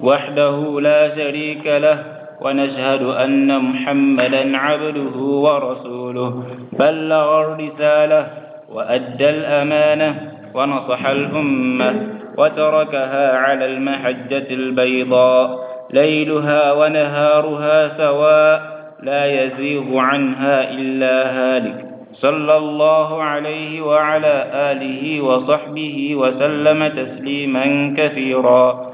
وحده لا شريك له ونشهد أن محمدا عبده ورسوله بلغ الرسالة وأدى الأمانة ونصح الأمة وتركها على المحجة البيضاء ليلها ونهارها سواء لا يزيغ عنها إلا هالك صلى الله عليه وعلى آله وصحبه وسلم تسليما كثيرا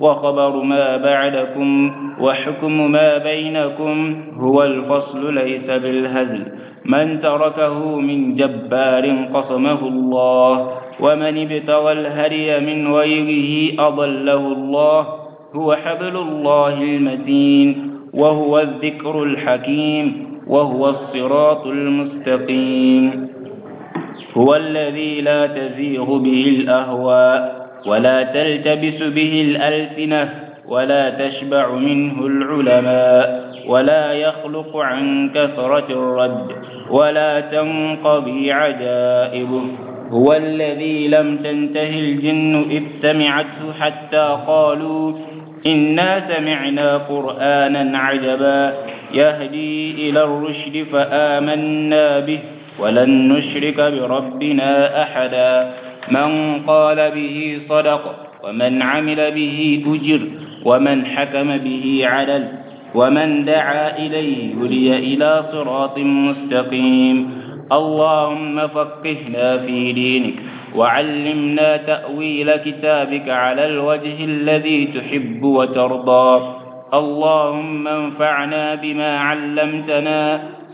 وخبر ما بعدكم وحكم ما بينكم هو الفصل ليس بالهزل من تركه من جبار قصمه الله ومن ابتغى الهري من ويله أضله الله هو حبل الله المتين وهو الذكر الحكيم وهو الصراط المستقيم هو الذي لا تزيغ به الأهواء ولا تلتبس به الألسنة ولا تشبع منه العلماء ولا يخلق عن كثرة الرد ولا تنقضي عجائبه هو الذي لم تنته الجن إذ سمعته حتى قالوا إنا سمعنا قرآنا عجبا يهدي إلى الرشد فآمنا به ولن نشرك بربنا أحدا من قال به صدق ومن عمل به أجر ومن حكم به عدل ومن دعا إليه هدي إلى صراط مستقيم اللهم فقهنا في دينك وعلمنا تأويل كتابك على الوجه الذي تحب وترضى اللهم انفعنا بما علمتنا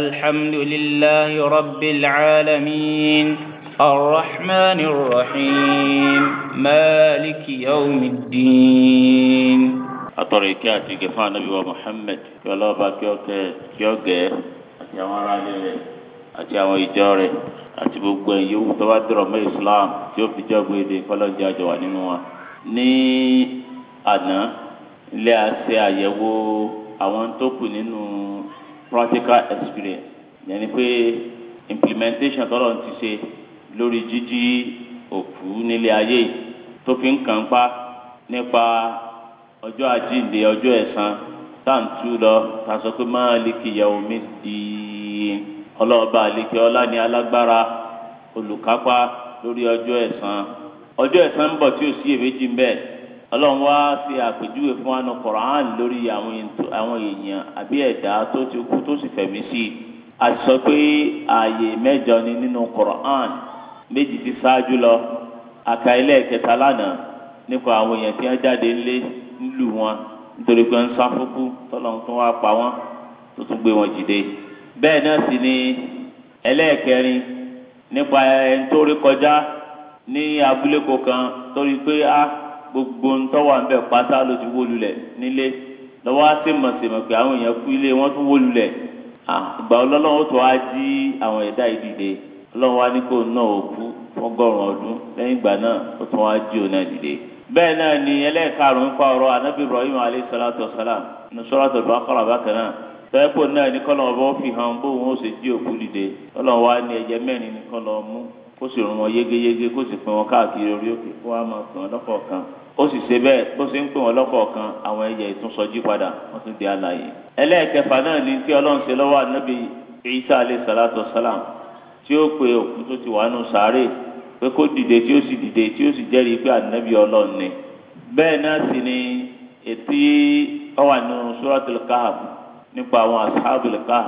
الحمد لله رب العالمين الرحمن الرحيم مالك يوم الدين àtọ̀rọ̀ ìkẹ́ àti ìkẹ́ fún anábì wa Muhammad kí ọlọ́ọ̀bá kí ọkẹ́ kí ọgẹ́ àti àwọn aráàlú rẹ̀ àti àwọn ìjọ rẹ̀ àti gbogbo ẹ̀yìn yòówù tó bá dọ̀rọ̀ mọ́ Islam tí ó fi jọ́gbé èdè kọ́lọ́jà jọ wà nínú wa. ní àná ilé àṣẹ àyẹ̀wò àwọn tó kù nínú practical experience yẹni pé implementation tọ́lọ̀ ti ṣe lórí jíjí òkú nílé ayé tó fi ń kàn pa nípa ọjọ́ àjíǹde ọjọ́ ẹ̀san táǹtú lọ ta sọ pé máa lékè ìyàwó mi di ọlọ́ọ̀bá àlékè ọlá ní alágbára olùkápá lórí ọjọ́ ẹ̀san ọjọ́ ẹ̀san ń bọ̀ tí ò sí èméjì ń bẹ́ẹ̀ ọlọ́run wá fi àpèjúwe fún anu Qur'an lórí àwọn èèyàn àbí ẹ̀dá tó ti kú tó sì fẹ̀mí sí i a sọ pé ààyè mẹ́jọ ni nínú Qur'an méjì ti ṣáájú lọ àka ilé ẹ̀kẹta lánàá nípa àwọn èèyàn tí wọ́n jáde ńlé ńlù wọn nítorí pé ń sá fúkú tọ́lọ́run tó wá pa wọ́n tó tún gbé wọn jìde bẹ́ẹ̀ náà sì ni ẹlẹ́ẹ̀kẹrin nípa ẹni tó rí kọjá ní abúlé kọ̀ọ̀kan torí pé a. Ah, gbogbo ntọ́wà ń bẹ̀ pátá ló ti wó lulẹ̀ nílé lọ́wọ́ á sì mọ̀sẹ̀mọ̀ pé àwọn èèyàn kú ilé wọn tún wó lulẹ̀ ìgbà ọlọ́run tó wá jí àwọn ẹ̀dá ìdìde ọlọ́run wá ní kó náà ó kú fọ́gọ́rùn ọdún lẹ́yìn ìgbà náà ó tún wá jí òun náà dìde. bẹ́ẹ̀ náà ni ẹlẹ́ẹ̀karùn-ún pa ọ̀rọ̀ anábì Ibrahim alayhi salatu wa salam ní suratul Baqara bákan náà tẹ́pọ̀ náà ní kọ́lọ́ ọba ó fi kó sì rún wọn yégéyégé kó sì pín wọn káàkiri orí òkè kó wá máa pín wọn lọ́kọ̀ọ̀kan ó sì ṣe bẹ́ẹ̀ bó ṣe ń pín wọn lọ́kọ̀ọ̀kan àwọn ẹyẹ ìtúnsọjí padà wọ́n tún di alààyè. ẹlẹ́ẹ̀kẹfà náà ni kí ọlọ́run ṣe lọ́wọ́ ànábì Isa alayhi salatu salam tí ó pe òkú tó ti wà nù sáré pé kó dìde tí ó sì dìde tí ó sì jẹ́rìí pé ànábì ọlọ́run ni. bẹ́ẹ̀ náà sì ni ètí ọwà nù suratul Kahf nípa àwọn ashabul Kahf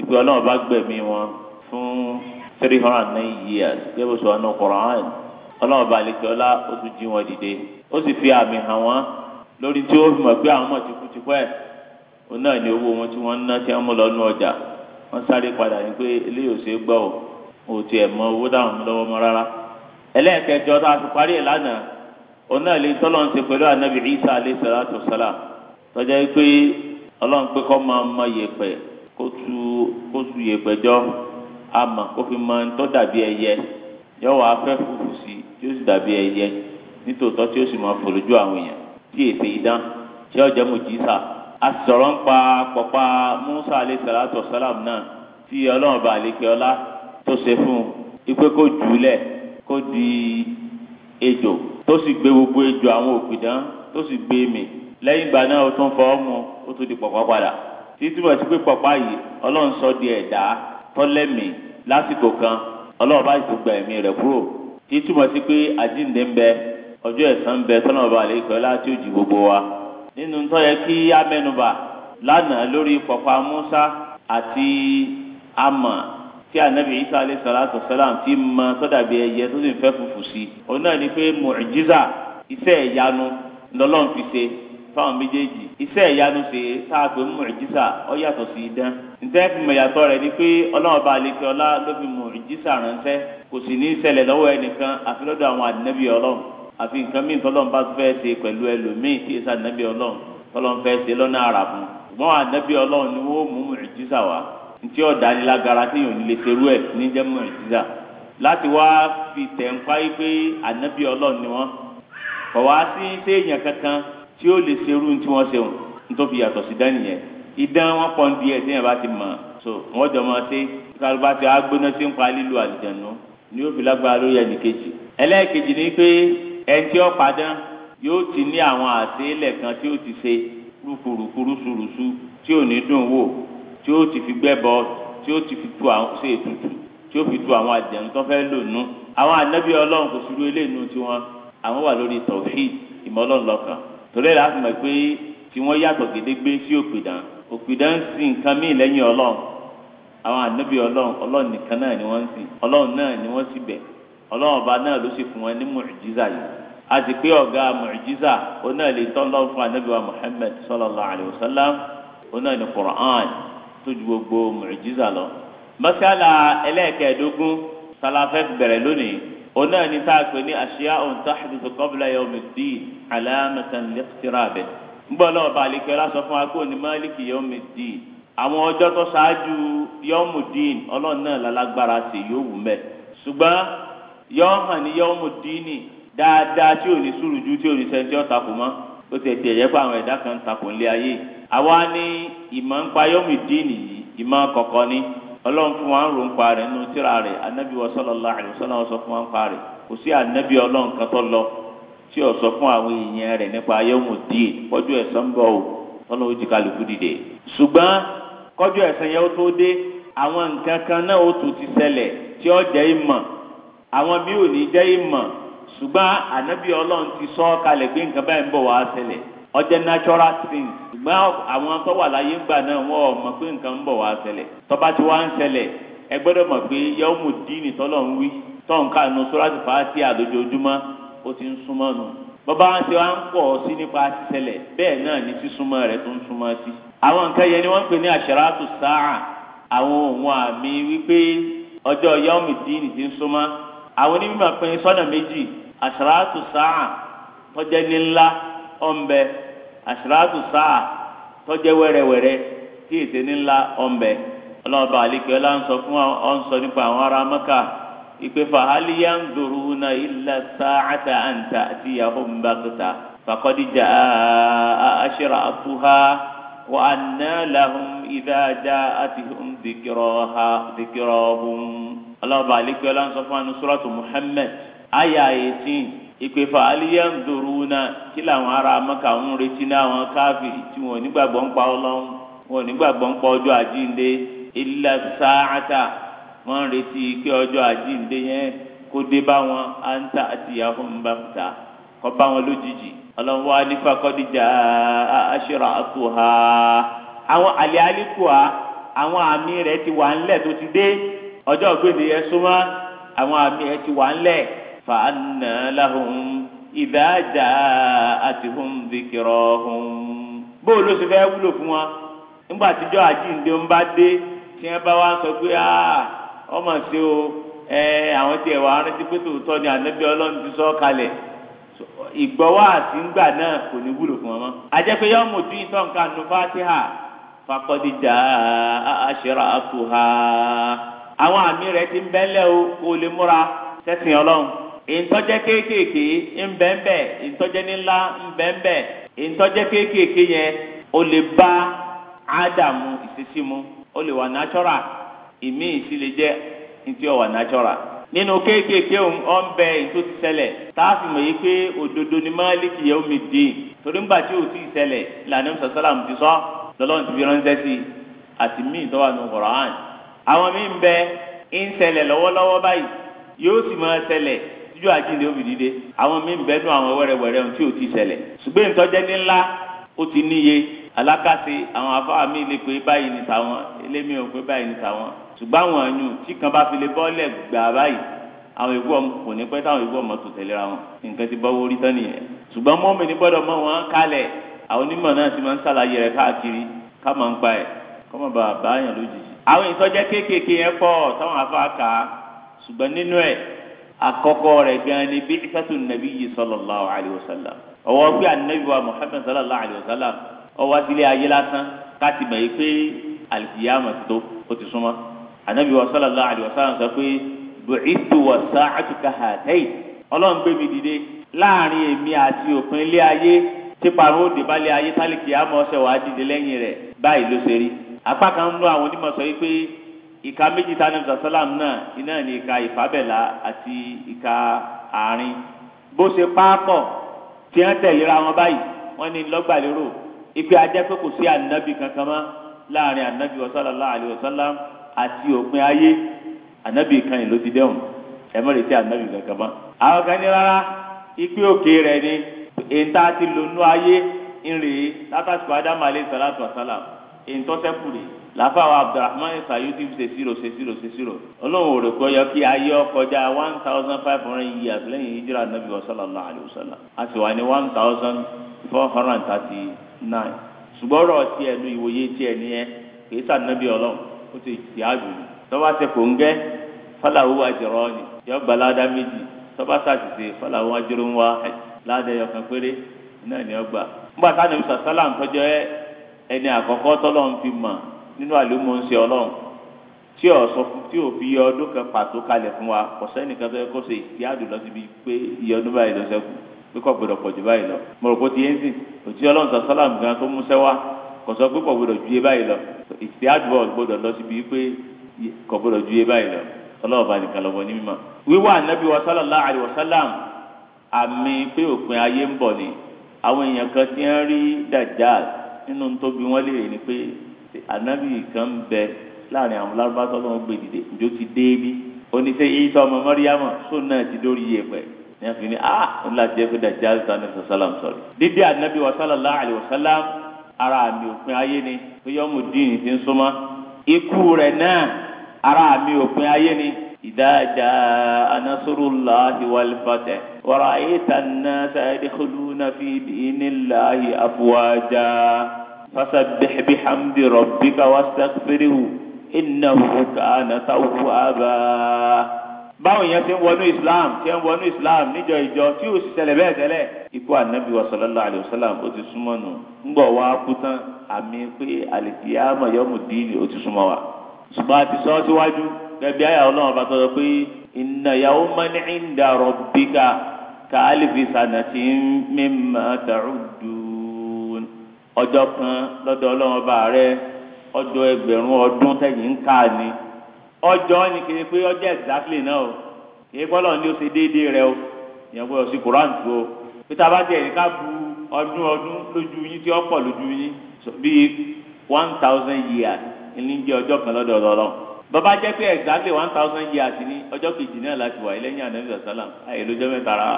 ìpè ọlọ́run bá gbẹ̀mí three hundred and nine years gẹ́gẹ́ bó sọ ọ́nà Quran ọlọ́run balẹ̀kẹ́ ọlá ó tún jí wọn dìde ó sì fi àmì hàn wọ́n lórí tí ó fi mọ̀ pé àwọn ti pẹ́ òun ni owó wọn tí wọ́n ná tí wọ́n mú lọ́nu sáré padà ní pé eléyìí ò ṣe é gbọ́ ò ò tiẹ̀ mọ owó dáhùn mi lọ́wọ́ mọ́ rárá ẹlẹ́ẹ̀kẹjọ tá a fi parí ẹ̀ lánàá òun náà lè tọ́lọ́ pẹ̀lú anabi Isa àmà kó fi máa ń tọ́ dàbí ẹyẹ yọ wà á fẹ́ fùfù sí tí ó sì dàbí ẹyẹ nítòótọ́ tí ó sì máa fò lójú àwọn èèyàn tí èsè idán tí ọjà mùjísà a sọ̀rọ̀ ń pa pọ̀pá Musa alayhi salatu salam náà tí ọlọ́run bá àlékè ọlá tó ṣe fún un ipe kó jù ú lẹ̀ kó di ejò tó sì gbé gbogbo ejò àwọn òpìdán tó sì gbé mì lẹ́yìn ìgbà náà ó tún fọ́ ọ́ mu ó tún di pọ̀pá padà títí wọ́n ti pé pọ̀pá yìí ọlọ́run sọ di ẹ̀dá tọ́lẹ́mì lásìkò kan ọlọ́run bá sì gba ẹ̀mí rẹ̀ kúrò tí túmọ̀ sí pé àjíǹde ń bẹ ọjọ́ ẹ̀san ń bẹ tọ́lọ́run bá lè kọ́ láti òjì gbogbo wa nínú tó yẹ kí á mẹ́nubà lánàá lórí pọ̀pá Musa àti amà tí anabi Isa alayhi salatu salam ti mọ tọ́dàbí ẹyẹ tó sì ń fẹ́ fufu sí i òun náà ni pé mu'jiza iṣẹ́ ìyanu lọ́lọ́run fi ṣe fáwọn méjèèjì iṣẹ́ ìyanu ṣe tá a pè mùjísà yàtọ̀ sí idán ǹjẹ́ ni pé ọlọ́run bá lè kẹ́ ọlá ló fi mùjísà ránṣẹ́ kò sì ní lọ́wọ́ ẹnìkan àfi lọ́dọ̀ àwọn ànábì ọlọ́run àfi nǹkan míì tọ́lọ́run bá fẹ́ ṣe pẹ̀lú ẹlòmíì tí ànábì ọlọ́run tọ́lọ́run fẹ́ ṣe lọ́nà ṣùgbọ́n ni fi tí ó lè ṣerú tí wọ́n ṣe wọn nítorí yàtọ̀ sí dání yẹn ìdán wọn pọ̀ díẹ̀ tí yẹn bá ti mọ̀ so wọ́n jọ máa ṣe kálíbá ti agbóná sí ń pa lílo àlìjẹ̀nu ni yóò fi lágbára lórí ẹnìkejì ẹlẹ́ẹ̀kejì ni pé ẹni tí ó padán yóò ti ní àwọn àṣeélẹ̀ kan tí ó ti ṣe rúfurufú rúṣurùṣu tí ò ní dùn wò tí ó ti fi gbẹ́bọ tí ó ti fi tu àwọn ṣe ètùtù tí ó fi tu àwọn àjẹ̀nu tó fẹ́ lò nú àwọn ànábì ọlọ́run kò sí irú eléyìí nù tiwọn àwọn wà lórí tọ̀fíì ìmọ̀ ọlọ́run lọ́kàn torí ẹ̀rọ àti mọ̀ pé tí wọ́n yàtọ̀ gédégbé sí òpìdán òpìdán ń sin nǹkan míì lẹ́yìn ọlọ́run àwọn ànábì ọlọ́run ọlọ́run nìkan náà ni wọ́n ń sìn ọlọ́run náà ni wọ́n sì bẹ̀ ọlọ́run ọba náà ló sì fún wọn ní mùjíza yìí àti pé ọ̀gá mùjíza ó náà lè tọ́ lọ́run fún ànábì wa Muhammad sallallahu alayhi ó náà ní Qur'an tó ju gbogbo mùjíza lọ. mọ́sálà ẹlẹ́ẹ̀kẹ́ẹ̀dógún sálàfẹ́ bẹ̀rẹ̀ lónìí onáà ní tá a pè ní àṣìyá ohun tó àdìsọ kọ́bùlà yẹ omi dì í alámẹ̀tàn lẹ́kítírà bẹ̀. ń bọ̀ lọ́wọ́ balẹ̀kẹ́ lásán fún akó ní máàlìkì yẹ omi dì í. àwọn ọjọ́ tó ṣáájú yọ́mùdín ọlọ́run náà lálágbára sí yóò wù mẹ́. ṣùgbọ́n yọ́hàn ní yọ́mùdínì dáadáa tí ò ní sùrùjú tí ò ní sẹ́ńtì ọ̀tàkùn mọ́ ó ti ẹ̀jẹ̀ yẹ pé àwọn ẹ̀dá kan takùn lé ayé àwa ní ìmọ̀ ń pa yọ́mùdínì yìí ìmọ̀ kọ̀ọ̀kan ni ọlọ́run fún wa ń ro ń pa rẹ̀ nínú tírà rẹ̀ anabi wa sallallahu alaihi wasallam sọ fún wa ń pa rẹ̀ kò sí anabi ọlọ́run kan tó lọ tí ó sọ fún àwọn èèyàn rẹ̀ nípa ayéhùn díì kọjú ẹ̀san ń bọ̀ o wọn lọ́wọ́ jí dìde. ṣùgbọ́n kọjú ẹ̀san yẹn ó tó dé àwọn nǹkan kan náà ó tún ti ṣẹlẹ̀ tí ó jẹ́ ìmọ̀ àwọn bí ò ní jẹ́ ìmọ̀ ṣùgbọ́n anabi ọlọ́run ti sọ kalẹ̀ pé nǹkan báyìí ń bọ̀ wá ṣẹlẹ̀ ọjẹ́ natural things ṣùgbọ́n àwọn tó wà láyé ńgbà náà wọ́n mọ̀ pé nǹkan ń bọ̀ wá ṣẹlẹ̀ ti wá ń ṣẹlẹ̀ ẹ gbọ́dọ̀ mọ̀ pé yọ́mù díìnì tọ́lọ̀ ń wí nu ó ti ń súnmọ́ nu bọ́bá wọn ti wá ń pọ̀ sí nípa ṣẹlẹ̀ bẹ́ẹ̀ náà ni sísúnmọ́ rẹ̀ tó ń súnmọ́ sí. àwọn nǹkan yẹn ni wọ́n ń pè ní sáà àwọn àmì wípé ọjọ́ díìnì ti ń súnmọ́ ọ̀nbẹ àṣìláàtù sáà tọ́jẹ́ wẹ́rẹ́wẹ́rẹ́ tí èsè nílá ọ̀nbẹ ọlọ́ọ̀bà àlìkẹ́ ọlá ń sọ fún ọ ń sọ nípa àwọn ará mẹ́kà ìpè fàhálì yá ń dòrò na illa sáàtà àǹtà àti yahoo mbàkúta fàkọ́dí jà àṣírà àtúhà wà á ná ìdájà àti hùn dìkìrọ̀hùn ọlọ́ọ̀bà àlìkẹ́ ọlá ń sọ fún ànusúrọ̀tù ìpèfà aliyam doruna kí làwọn ará maka ń retí ní àwọn káfíìrì tí wọn ò nígbàgbọ́ ń pa ọlọ́run wọn ò nígbàgbọ́ ń pa ọjọ́ àjíǹde wọn ń retí pé ọjọ́ àjíǹde yẹn kó dé bá wọn à ń ta bá wọn lójijì ọlọ́run wa alifa kọ́díjà aṣọra àtò ha àwọn àlẹ́ alikó àwọn àmì ti wà ńlẹ̀ tó ti dé ọjọ́ فأنا لهم إذا جاءتهم ذكراهم bóòlù ṣe fún wa nígbà àjíǹde ń bá dé tí sọ pé ọmọ ṣe o àwọn tiẹ̀ wà á ni ànábì àti ńgbà náà kò ní wúlò fún pé yọ́n mú nu fatiha aṣèrà àtúhà àwọn àmì rẹ̀ ti ń o kò lè múra sẹ́sìn ìtọ́jẹ́ kéékèèké ńbẹ́ńbẹ́ ìtọ́jẹ́ nílá ńbẹ́ńbẹ́ ìtọ́jẹ́ kéékèèké yẹn ó lè bá ádámù ìṣesí mu o lè wà natural ìmí ìsí lè jẹ́ ntí ó wà natural nínú kéékèèké ọ̀n bẹ wa ti ṣẹlẹ̀ táàfì mọ̀ yìí pé òdodo ni máàlìkì yẹn omi dè torí ńgbà tí ò tí ì ṣẹlẹ̀ ìlànà sàṣàlám ti sọ lọ́lọ́run fi ránṣẹ́ si àti míì tó wà àwọn tíjọ́ àjíǹde ó fi dìde àwọn míì bẹ́nu àwọn wẹ́rẹ́wẹ́rẹ́ ohun tí ò ti ṣẹlẹ̀ ṣùgbọ́n ìtọ́jẹ́ ní ńlá ó ti níye alákàtì àwọn afáà mi lè pé báyìí ní tàwọn elémi ò pé báyìí ní tàwọn ṣùgbọ́n àwọn ẹ̀yùn tí kan bá fi lè bọ́ọ̀lẹ̀ gbà báyìí àwọn ìwú ọmọ kò ní pẹ́ táwọn ìwú ọmọ tó tẹ̀léra wọn nǹkan ti bọ́ wórí tán nìyẹn ṣùgbọ́n mọ́mí ní gbọ́dọ̀ mọ́ wọn kálẹ̀ àwọn onímọ̀ náà sì máa ń ṣàlàyé rẹ̀ káàkiri ká máa ń pa ẹ̀ kọ́ mọ̀ bàbá àyàn lójijì. àwọn ìtọ́jẹ́ kéékèèké yẹn pọ̀ táwọn afáà kà á ṣùgbọ́n nínú ẹ̀ àkọ́kọ́ rẹ̀ gan ni bí ifásù nàbí yìí sallallahu alayhi wa sallam ọwọ́ pé ànábì wa muhammed sallallahu alayhi wa sallam ọwọ́ adílé ayé lásán káàtì mọ̀ yìí pé alìkìyàmọ̀ tó o ti súnmọ́ ànábì wa sallallahu alayhi wa sallam sọ pé bu'ithu wa sa'atu kahatayi ọlọ́run gbé mi dìde láàrin èmi àti òpin ilé ayé tí parọ́ òde bá lé ayé tálíkìyàmọ̀ ọ̀sẹ̀ wàá dìde lẹ́yìn rẹ̀ báyìí ló ṣe kan ń lo àwọn onímọ̀ sọ yìí ìka méjì tá a ní sàlám náà iná ní ìka ìfábẹ́là àti ìka àárín bó ṣe pápọ̀ tí wọ́n tẹ̀ yíra wọn báyìí wọ́n ní lọ́gbàlérò ipe ajẹ́ pé kò sí ànábì kankan mọ́ láàrin ànábì sallallahu alaihi wasallam àti òpin ayé ànábì kan ìlú ti dẹ́hùn ẹ mọ̀ létí ànábì kankan mọ́. àwọn kan ní rárá ipe òkè rẹ̀ ni èntà ti lò nú ayé ń rèé látàkùn ádámù alayhi salatu wasalam èntọ́sẹ́kù rèé láfa wa abdulrahman sayuti ṣe ṣírò ṣe ṣírò ṣe ṣírò ọlọ́run ò rè yọ kí ayé ọkọjá one thousand five hundred years lẹ́yìn hijira nabi alayhi wa sallam a sì wà one thousand four hundred and thirty nine ṣùgbọ́n ọ̀rọ̀ ìwòye kìí sàn ọlọ́run ó ti ti àjò ni tọ́ba ṣe kò ń gẹ́ fọláwo àjọrọ ni yọ gba ládá méjì tọ́ba ṣàṣìṣe ń wá ládá péré náà ni ọgbà táwọn ẹni nínú àlùmọ̀ọ́nsẹ̀ ọlọ́run tí ò sọ fún tí ò fi iye ọdún kan pàtó kalẹ̀ fún wa kò sẹ́nìkan tó yẹ kó ṣe ìyáàdù lọ síbi pé iye ọdún báyìí lọ sẹ́kù pé kò gbọdọ̀ pọ̀ jù báyìí lọ mo rò pé ti yẹn sìn òtí ọlọ́run sọ sálàmù gan tó múṣẹ́ wá kò sọ pé kò gbọdọ̀ ju iye báyìí lọ ìyáàdù bọ̀ gbọdọ̀ lọ síbi pé kò gbọdọ̀ ju iye báyìí lọ ọlọ́run bá nìkan lọ́wọ́ ní mímọ́. wíwá ànábì wa sallallahu ni àwọn èèyàn kan ti ni pé anabi kan bẹ láàrin àwọn lárúbá tọ́lọ́ gbé dìde njó ti dé bí oníṣẹ́ yìí sọ ọmọ mọ́ríyámọ̀ sóun náà ti dórí iye pẹ̀ ní a fi ní a ń la jẹ́ pé dajjal sani sàlám sọ̀rọ̀ dídí anabi wa sallallahu alayhi wa sallam ara mi òpin ayé ni pé yọmù dín ti ń súnmọ́ ikú rẹ̀ náà ara mi òpin ayé ni ìdájà anasurullahi walfatẹ wàrà ayé tàn náà sàyẹ́dẹ́kọlù náà fi dinillahi afwaja. فسبح بحمد ربك wastaghfirhu innahu kana توابا. báwọn èèyàn ti ń wọnú islam ti ń wọnú islam níjọ ìjọ tí ò sì ṣẹlẹ̀ bẹ́ẹ̀ tẹ́lẹ̀ ikú ànábì wa sallallahu alayhi wa sallam ó ti súnmọ́ nù ńgbọ̀ wá kú tán àmì pé àlìkìyàmọ yọmù díìnì ó ti súnmọ́ wa. ṣùgbọ́n a ti sọ ọ́ síwájú gẹ́gẹ́ àyà ọlọ́run bá tọ́jọ́ pé inna yawman inda rabbika ka'alfi sanatin mimma ta'uddu ọjọ́ kan lọ́dọ̀ ọlọ́run ọba rẹ ọjọ́ ẹgbẹ̀rún ọdún tẹ̀yìn ń kà ní ọjọ́ ni kì í pé ọjọ́ exactly náà o kì í kọ́lọ̀ ní o ṣe déédéé rẹ o ìyẹn gbọ́dọ̀ sí koran tó o pété abájẹ́ yìí ká bu ọdún ọdún lójú yín tí ó pọ̀ lójú yín bíi one thousand years ní jẹ́ ọjọ́ kan lọ́dọ̀ ọlọ́run bàbá jẹ́ pé exactly one thousand years ní ọjọ́ kejì náà láti wà lẹ́yìn ànábì ọ̀sán làm àyè lójọ́ mẹ́ta rà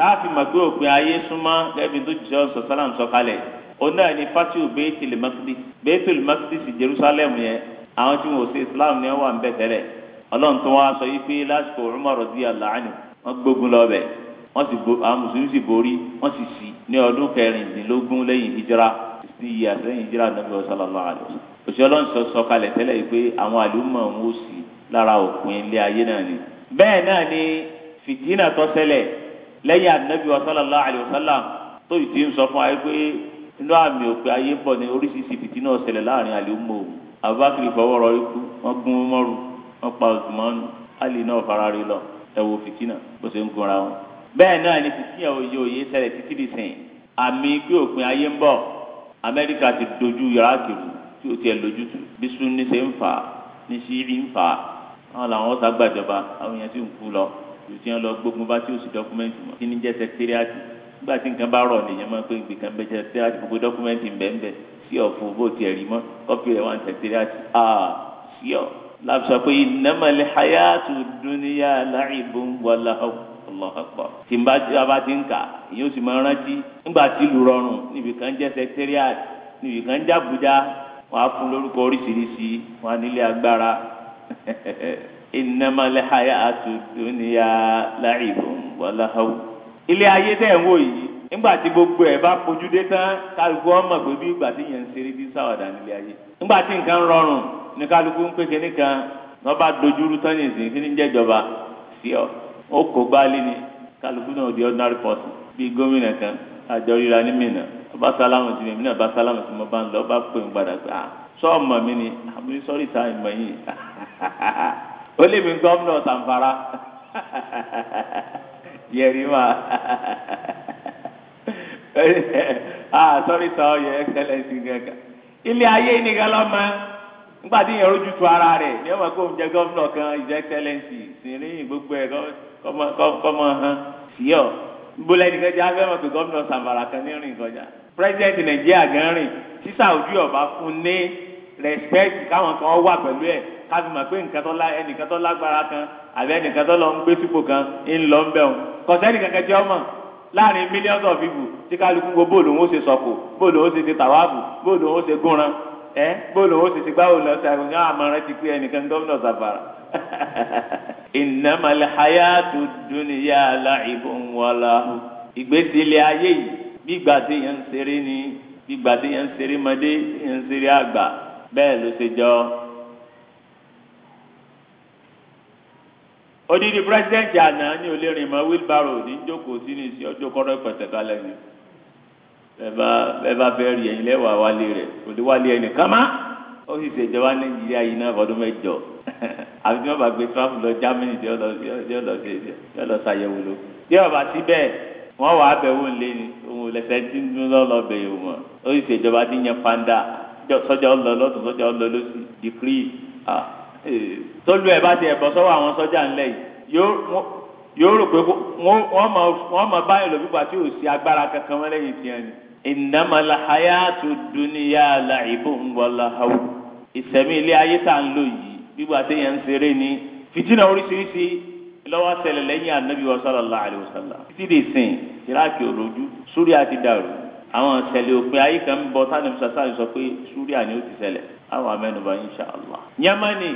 táàfì màgbé òpin ayé súnmọ́ lẹ́bi tó jìṣẹ́ ọ̀sán sálàm sọ̀kalẹ̀ òun náà ni fatiu beitul maqdis beitul maqdis jerusalem yẹn àwọn tí wọn ò sí islam ni wọn wà ń bẹ tẹ́lẹ̀ ọlọ́run tó wá sọ yìí pé lásìkò umar radiyallahu anhu wọn gbógun lọ bẹ̀ wọn sì bo àwọn mùsùlùmí sì borí wọn sì sí ní ọdún kẹrìndínlógún lẹ́yìn hijira sí iye àtẹ̀yìn hijira nàbí sallallahu alaihi wasallam òṣìṣẹ́ sọ sọ̀kalẹ̀ tẹ́lẹ̀ yìí pé àwọn àlùmọ̀ wọn ò sí lára òpin ilé ayé náà ni bẹ́ẹ̀ náà ni fìtínà tó ṣẹlẹ̀ lẹ́yìn anabi wa sallallahu alayhi wa sallam tó yìí ti ń sọ fún ayé pé inú àmì òpè ayé bọ̀ ní oríṣiríṣi fìtínà ọ̀sẹ̀lẹ̀ láàrin àlùmọ̀ òun abubakar ìfọwọ́rọ̀ ikú wọ́n gún mọ́rù wọ́n pa ọ̀dùnmọ́nù alì náà fararí lọ ẹ̀wọ̀ fìtínà bó ṣe ń gunra wọn. bẹ́ẹ̀ náà ni fìtínà òye òye ṣẹlẹ̀ títí di sìn àmì pé òpin ayé ń bọ̀ amẹ́ríkà ti dojú iraki rú tí ó tiẹ̀ lójútu bí sunni ṣe ń fà ní sírí ń fà àwọn làwọn ọ̀sà àwọn èèyàn ti ń kú lọ kò sí wọn lọ gbógun bá tí ó sì dọ́kúmẹ́ǹtì mọ́ kí ni jẹ́ sẹkítẹ́rìàtì nígbà tí nǹkan bá rọ̀ nìyẹn máa pé nǹkan kan bẹ jẹ́ sẹkítẹ́rìàtì gbogbo dọ́kúmẹ́ǹtì ń bẹ ń bẹ sí ọ̀fọ̀ bó ti ẹ̀rí mọ́ kọ́pì rẹ̀ wà ní sẹkítẹ́rìàtì à sí ọ̀ láti sọ pé innamal hayatu dunya la'ibun wa lahu Allahu akbar tí n bá ti ń kà èyí ó ìnàmà lẹ́hàyà àtúntò níyà láìbùn wọlé hàn. ilé ayé tẹ̀ ń wò yìí nígbà tí gbogbo ẹ bá fojú dé tán kálukú ọmọ pé bí ìgbà tí yẹn ń ṣeré bí ayé. tí nǹkan rọrùn ní kálukú kan bá dojúrú tán ní ìsìn ọ. ó kó gbálí ni kálukú náà di ordinary person bíi gómìnà kan àjọ ríra ní mìíràn ọba sálámù mi sálámù mo bá ń lọ ọba pè ń ó lè mi gómìnà Zamfara Yerima ah sorry sọ your excellence gẹ́gẹ́ ilé ayé nìkan lọ́mọ nígbà tí yẹn rojú tu ara rẹ̀ ní ọmọ kó ń jẹ gómìnà kan his excellence sìnrìn gbogbo ẹ̀ kọ́mọ hàn sí ọ gbọ́dọ̀ ẹnìkan jẹ́ abẹ́mọ̀ pé gómìnà Zamfara kan ní rìn kọjá president Nàìjíríà gan rìn sísà ojú ọba fún ní respect káwọn kan wà pẹ̀lú ẹ̀ káfí mọ̀ pé nǹkan tó lá ẹnìkan tó lágbára kan àbí ẹnìkan tó lọ ń gbé sípò kan ń lọ ń bẹ̀ wọn kọ̀sẹ́nì kankan tí ó mọ̀ láàrin millions of people tí kálukú gbogbo bóòlù òun ó ṣe sọ̀kò bóòlù òun ó ṣe ti tàwáàbù bóòlù òun ó ṣe gúnran ẹ bóòlù òun ó ṣe ti gbáwò lọ sí àgùnjọ àmọ̀ràn ti pé ẹnìkan gómìnà Zamfara. innamal hayatud dunya la'ibun wa lahu ìgbésí ilé ayé yìí gbígbà tí yẹn ń ṣeré ni gbígbà tí yẹn ń ṣeré mọdé yẹn ń odidi president àná ní olórin mọ wheelbarrow ní jókòó sí ní sí ọjọ́ kọrọ pẹtẹkalẹ ni bẹẹba bẹẹba fẹẹ rí ẹyin lẹwà wálé rẹ kò wálé ẹnì kama ó sì ṣèjọba nàìjíríà yìí náà fọdún mẹ́jọ àbí tí wọn bá gbé trump lọ germany tí ọlọ tí ọlọ ṣe tí ọlọ ṣàyẹ̀wò ló tí ọba síbẹ̀ wọn wà á bẹ̀wò ńlẹ ni òun lẹsẹ tí ń dún lọlọ bẹyẹ wọn ó sì ṣèjọba tí ń yẹn panda sọjà ọlọ sọjà ọlọ dìkírì ah tọ́lú ẹ̀ bá ti ẹ̀ bọ́ sọ́wọ́ àwọn sọ́jà ńlẹ̀ yìí yóò rò pé wọ́n mọ báyìí lóbi gbà tí ò sí agbára kankan wọn lẹ́yìn tiẹ̀ ni. innamal hayatu dunya la'ibun wa lahu ìsẹ̀mí ilé ayé tá à ń lò yìí gbígbà téèyàn ń ṣeré ni fìtínà oríṣiríṣi lọ́wọ́ ṣẹlẹ̀ lẹ́yìn ànábì wa sallallahu títí dè sìn iraki òròjú súríà ti dàrú àwọn ìṣẹ̀lẹ̀ òpin ayé kan ń bọ̀ tánìm sàṣàlì sọ pé súríà ni ó ti ṣẹlẹ̀ àwọn amẹ́nubà insha Allah. yamani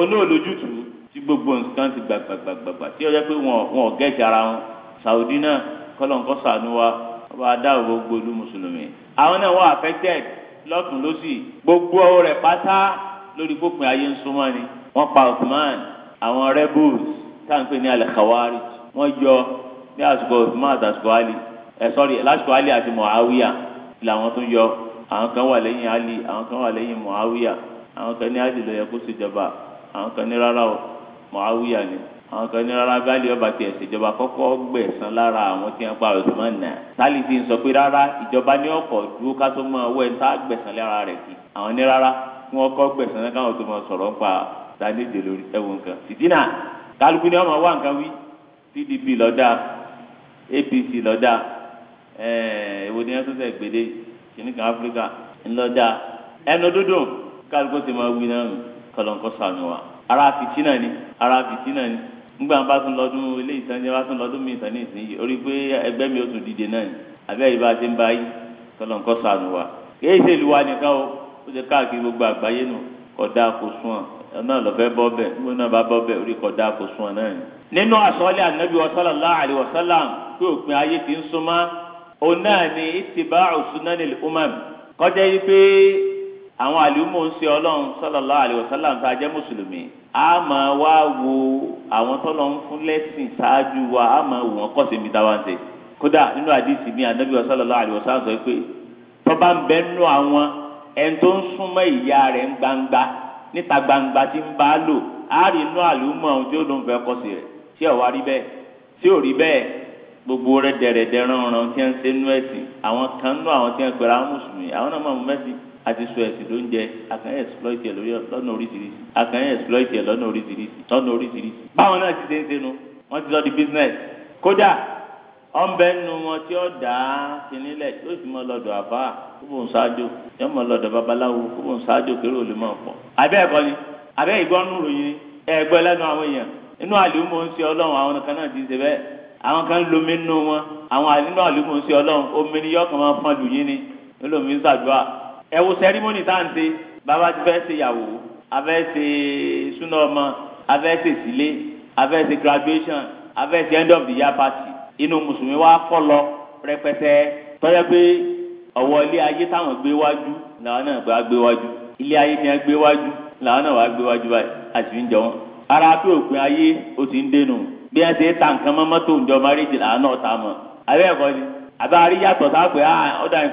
olóòlójútùú tí gbogbo nǹkan ti gbàgbàgbàgbà tí ó yẹ pé wọn ò gẹ̀ẹ́sì ara wọn Saudi náà kọ́lọ́nkọ́ sànú wa ọba adáwọ̀ gbogbo olú mùsùlùmí. àwọn náà wọ́n affected lọ́tún lọ́sì gbogbo rẹ̀ pátá lórí pópin ayé ń súnmọ́ ni wọ́n pa Uthman àwọn rebels táǹpẹ́ ní al-Khawarij wọ́n yọ ní àsìkò Uthman àtàsìkò Ali ẹ eh, sọ́rí lásìkò Ali àti Muawiya làwọn tó yọ àwọn kan wà lẹ́yìn Ali àwọn kan wà lẹ́yìn Muawiya àwọn kan ní Ali ló yẹ kó ṣèjọba àwọn kan ní rárá o Muawiya ni àwọn kan ní rárá bá lè ọba tiẹ̀ ṣèjọba kọ́kọ́ gbẹ̀sán lára àwọn tí wọ́n pa Usman náà sálì ti ń sọ pé rárá ìjọba ní ọkọ̀ dúró ká tó máa wẹ̀ tá gbẹ̀sán lára rẹ̀ kì àwọn ní rárá kí wọ́n kọ́ gbẹ̀sán náà káwọn tó máa sọ̀rọ̀ pa dáníjẹ lórí ẹ̀wọ̀n kan fìdínà kálukú ni wọ́n máa wá nǹkan wí PDP lọ́dà APC lọ́dà Eh, èwo ni ẹ tó tẹ̀ gbèdé kan áfíríkà ńlọ́dà ẹnu dúdú kálukó ti máa wí náà kọlọ́nkọ́ sànù wa ara fìtí ni ara fìtí ni ngbà bá tún lọ́dún ilé ìtajà bá tún mi ìsinyìí orí pé ẹgbẹ́ mi tún dìde náà ni bá ti ń báyìí wa ṣe wa nìkan o ó káàkiri gbogbo nù kọ̀dá kò sùn náà lọ́fẹ́ bọ́ náà bá bọ́ orí kọ̀dá kò sùn náà ni nínú òun náà ni itiba'u sunanil umam kọjá yìí pé àwọn àlùmọ̀ ń ṣe ọlọ́run sallallahu alaihi wasallam tá a jẹ́ mùsùlùmí a máa wá wo àwọn tọ́lọ̀ ń fún lẹ́sìn ṣáájú wa a máa wò wọ́n kọ́ sí mi táwa kódà nínú àdìsí mi ànábì sallallahu alaihi sọ pé tọ́ba ń bẹ nínú àwọn ẹni tó ń súnmọ́ ìyá rẹ̀ ń gbangba níta gbangba tí ń bá lò á rí inú àlùmọ̀ gbogbo rẹ̀ dẹ̀rẹ̀dẹ̀ ránran tí wọ́n ń ṣe nú ẹ̀sìn àwọn kan nú àwọn tí wọ́n pẹ̀lú àwọn mùsùlùmí àwọn náà mọ̀ mọ́ mẹ́sìn àti sọ ẹ̀sìn ló ń jẹ àkànyẹ exploit ẹ̀ lọ́nà oríṣiríṣi àkànyẹ exploit ẹ̀ lọ́nà oríṣiríṣi lọ́nà oríṣiríṣi báwọn náà ti ṣe ń sẹ́nu wọ́n ti lọ di business kódà ọ̀nbẹ nu wọn tí ó dà á kínílẹ̀ yóò fi mọ lọ́dọ̀ àbá kúbò ń ṣáájú yóò mọ lọ́dọ̀ babaláwo kúbò ń ṣáájú kéré ò lè mọ̀ pọ̀ àbẹ́ ẹ̀kọ́ ni àbẹ́ ìgbọ́nú ròyìn ẹ̀gbẹ́ lẹ́nu àwọn èèyàn àwọn kan lomi nínú wọn àwọn àdínú àlùkò ń ṣe ọlọ́run omi ni yọkàn máa fọn lù yín ni olómi ń ṣàdúrà ẹ wo sẹrímọ́nì tá à ń ṣe bàbá ti fẹ́ ṣe ìyàwó abẹ́ ṣe súná ọmọ abẹ́ ṣe sílé abẹ́ ṣe graduation abẹ́ ṣe end of the year party inú mùsùlùmí wa fọ́ lọ rẹpẹtẹ tọ́jọ́ pé ọ̀wọ́ ilé ayé táwọn gbé wájú làwọn náà gbà gbé wájú ilé ayé ni a gbé wájú làwọn náà wà gbé wájú báyìí àti fi ń jẹ wọn ara pé òpin ayé ó ti ń dénú bí wọ́n ṣe ta nǹkan mọ́ mọ́tò ǹjọ́ márìjì làánà ọ̀tá mọ̀ abẹ́ ẹ̀kọ́ ni àbá rí yàtọ̀ ah,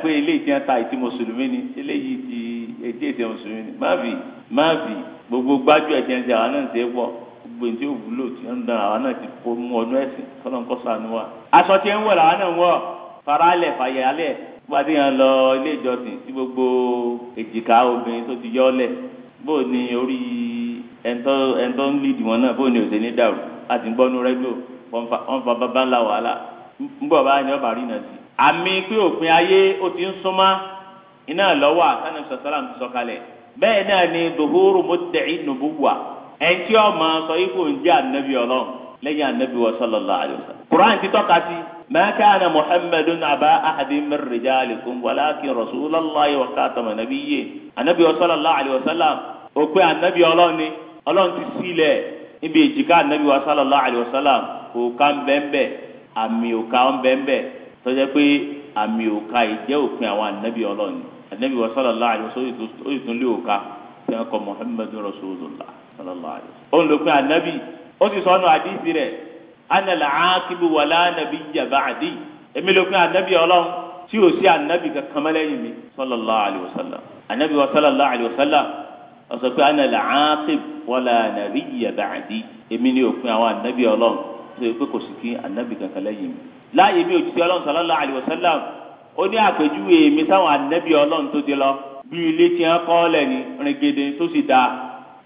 pé ta ìtì mùsùlùmí ni eléyìí ti ètí ètì mùsùlùmí ni má gbogbo gbájú ẹ̀ ń ṣe àwọn náà gbogbo ìdí òwúlò tí ń dán àwọn náà ti fò mú ọdún ẹ̀sìn kọ́nà wa. ti lọ gbogbo èjìká obìnrin tó ti yọ́ bóò ni orí ẹ̀ńtọ́ ń wọn àti gbọ́nu rẹ́díò wọ́n fa bàbá ńlá wàhálà ńgbọ̀ bá ní ọba rí iná sí. àmì pé òpin ayé ó ti ń súnmọ́ iná lọ́wọ́ àtàní sọ̀sọ́là ti sọ̀kalẹ̀ bẹ́ẹ̀ náà ni dòhóró mọ́tẹ̀ẹ́ nùbúwà ẹ̀ńtí ọmọ sọ ikú ń jẹ́ ànábì ọlọ́run lẹ́yìn ànábì wa sallallahu alaihi wasallam. kuran ti tọ́ka sí ma kana muhammadun aba ahadin min rijalikum walakin rasulallahi wa khatama nabiyyin níbi èjìká anabi wa sallallahu alayhi wa sallam òòka ń bẹ́ẹ̀ bẹ́ẹ̀ àmì òòka ń bẹ́ẹ̀ bẹ́ẹ̀ tó jẹ́ pé àmì òòka yìí jẹ́ òpin àwọn anabi ọlọ́ni anabi wa sallallahu alayhi wa sallam ó sì tún lé òòka tí wọ́n kọ muhammadu rasulullah sallallahu alayhi wa sallam. ó ń lópin anabi ó sì sọ ọ́nà àdìsí rẹ̀ ana làákìbù wàlá nabiyya ba'di èmi lópin anabi ọlọ́run tí ò sí anabi kankan mọ́ mi sallallahu alayhi wa sallam anabi wa sallallahu alayhi wa sallam ọsọ pé ana là áàtìb wọlé ànàbí yìí bàdí èmi ni òpin àwọn ànàbí ọlọ́run tó yẹ pé kò sí kí ànàbí kankan lẹ́yìn mi láàyè mi òjijì ọlọ́run sallallahu alaihi wasallam ó ní àpèjúwe mi sáwọn ànàbí ọlọ́run tó dé lọ bí ilé tí wọn kọ́ lẹ̀ ní rìngèdè tó sì dáa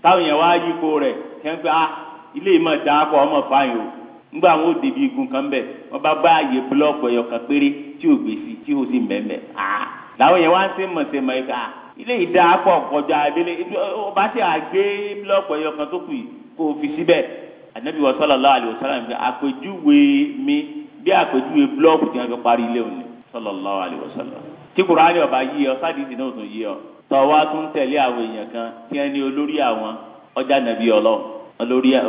táwọn yẹn wá yípo rẹ̀ kí wọn pé ah ilé yìí mà dáa kọ́ ọmọ fáyìn o ńgbà àwọn òde igun kan bẹ̀ wọ́n bá bá àyè búlọ́ọ̀kù ẹ̀yọ̀kan péré tí ò gbèsè tí ò sì mẹ́mẹ́ ah làwọn yẹn wá ń sè mọ̀ sè ah, mọ̀ ẹ̀ka ilé ìdáàpọ̀ kọjá abẹ́lé ọba tí a gbé búlọ́ọ̀kù ẹyọ kan tó kù yìí kó o fi síbẹ̀ ànábì wa sallallahu alaihi wasallam àpèjúwe mi bí àpèjúwe búlọ́ọ̀kù tí wọ́n fi parí ilé òní sallallahu alaihi wasallam tí kùránì ọba yí ọ sádìsì náà tún yí ọ tọ́wá tún tẹ̀lé àwọn èèyàn kan tí wọ́n ní olórí àwọn ọjà nàbí ọlọ́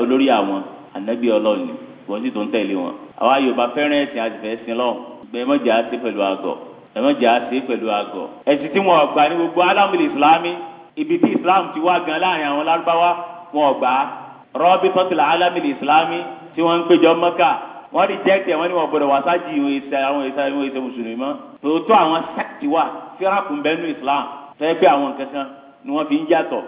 olórí àwọn ànábì ọlọ́ọ̀ni wọ́n sì tún tẹ̀lé wọn àwa Yorùbá fẹ́ràn ẹ̀sìn àti fẹ́ sin lọ́wọ́ gbẹ́mọ̀jà sí pẹ̀lú àgọ̀ ẹ̀mọ́jà ṣe pẹ̀lú àgọ̀. ẹ̀sìn tí wọ́n gbà ní gbogbo alámìlì ìsìlámì ibi tí ìsìlámù ti wá gan láàrin àwọn lárúbáwá wọn gbà á. rọ́bì tọ́tìlà alámìlì ìsìlámì tí wọ́n ń péjọ mọ́kà wọ́n rí jẹ́kẹ̀ wọ́n ní wọ́n gbọ́dọ̀ wàsájì ìwé ìṣe àwọn ìṣe ìwé ìṣe mùsùlùmí mọ́. tòótọ́ àwọn sẹ́kìtì wà fíràkùn bẹ́nu ìsìlámù fẹ́ pé àwọn kankan ni wọ́n fi ń yàtọ̀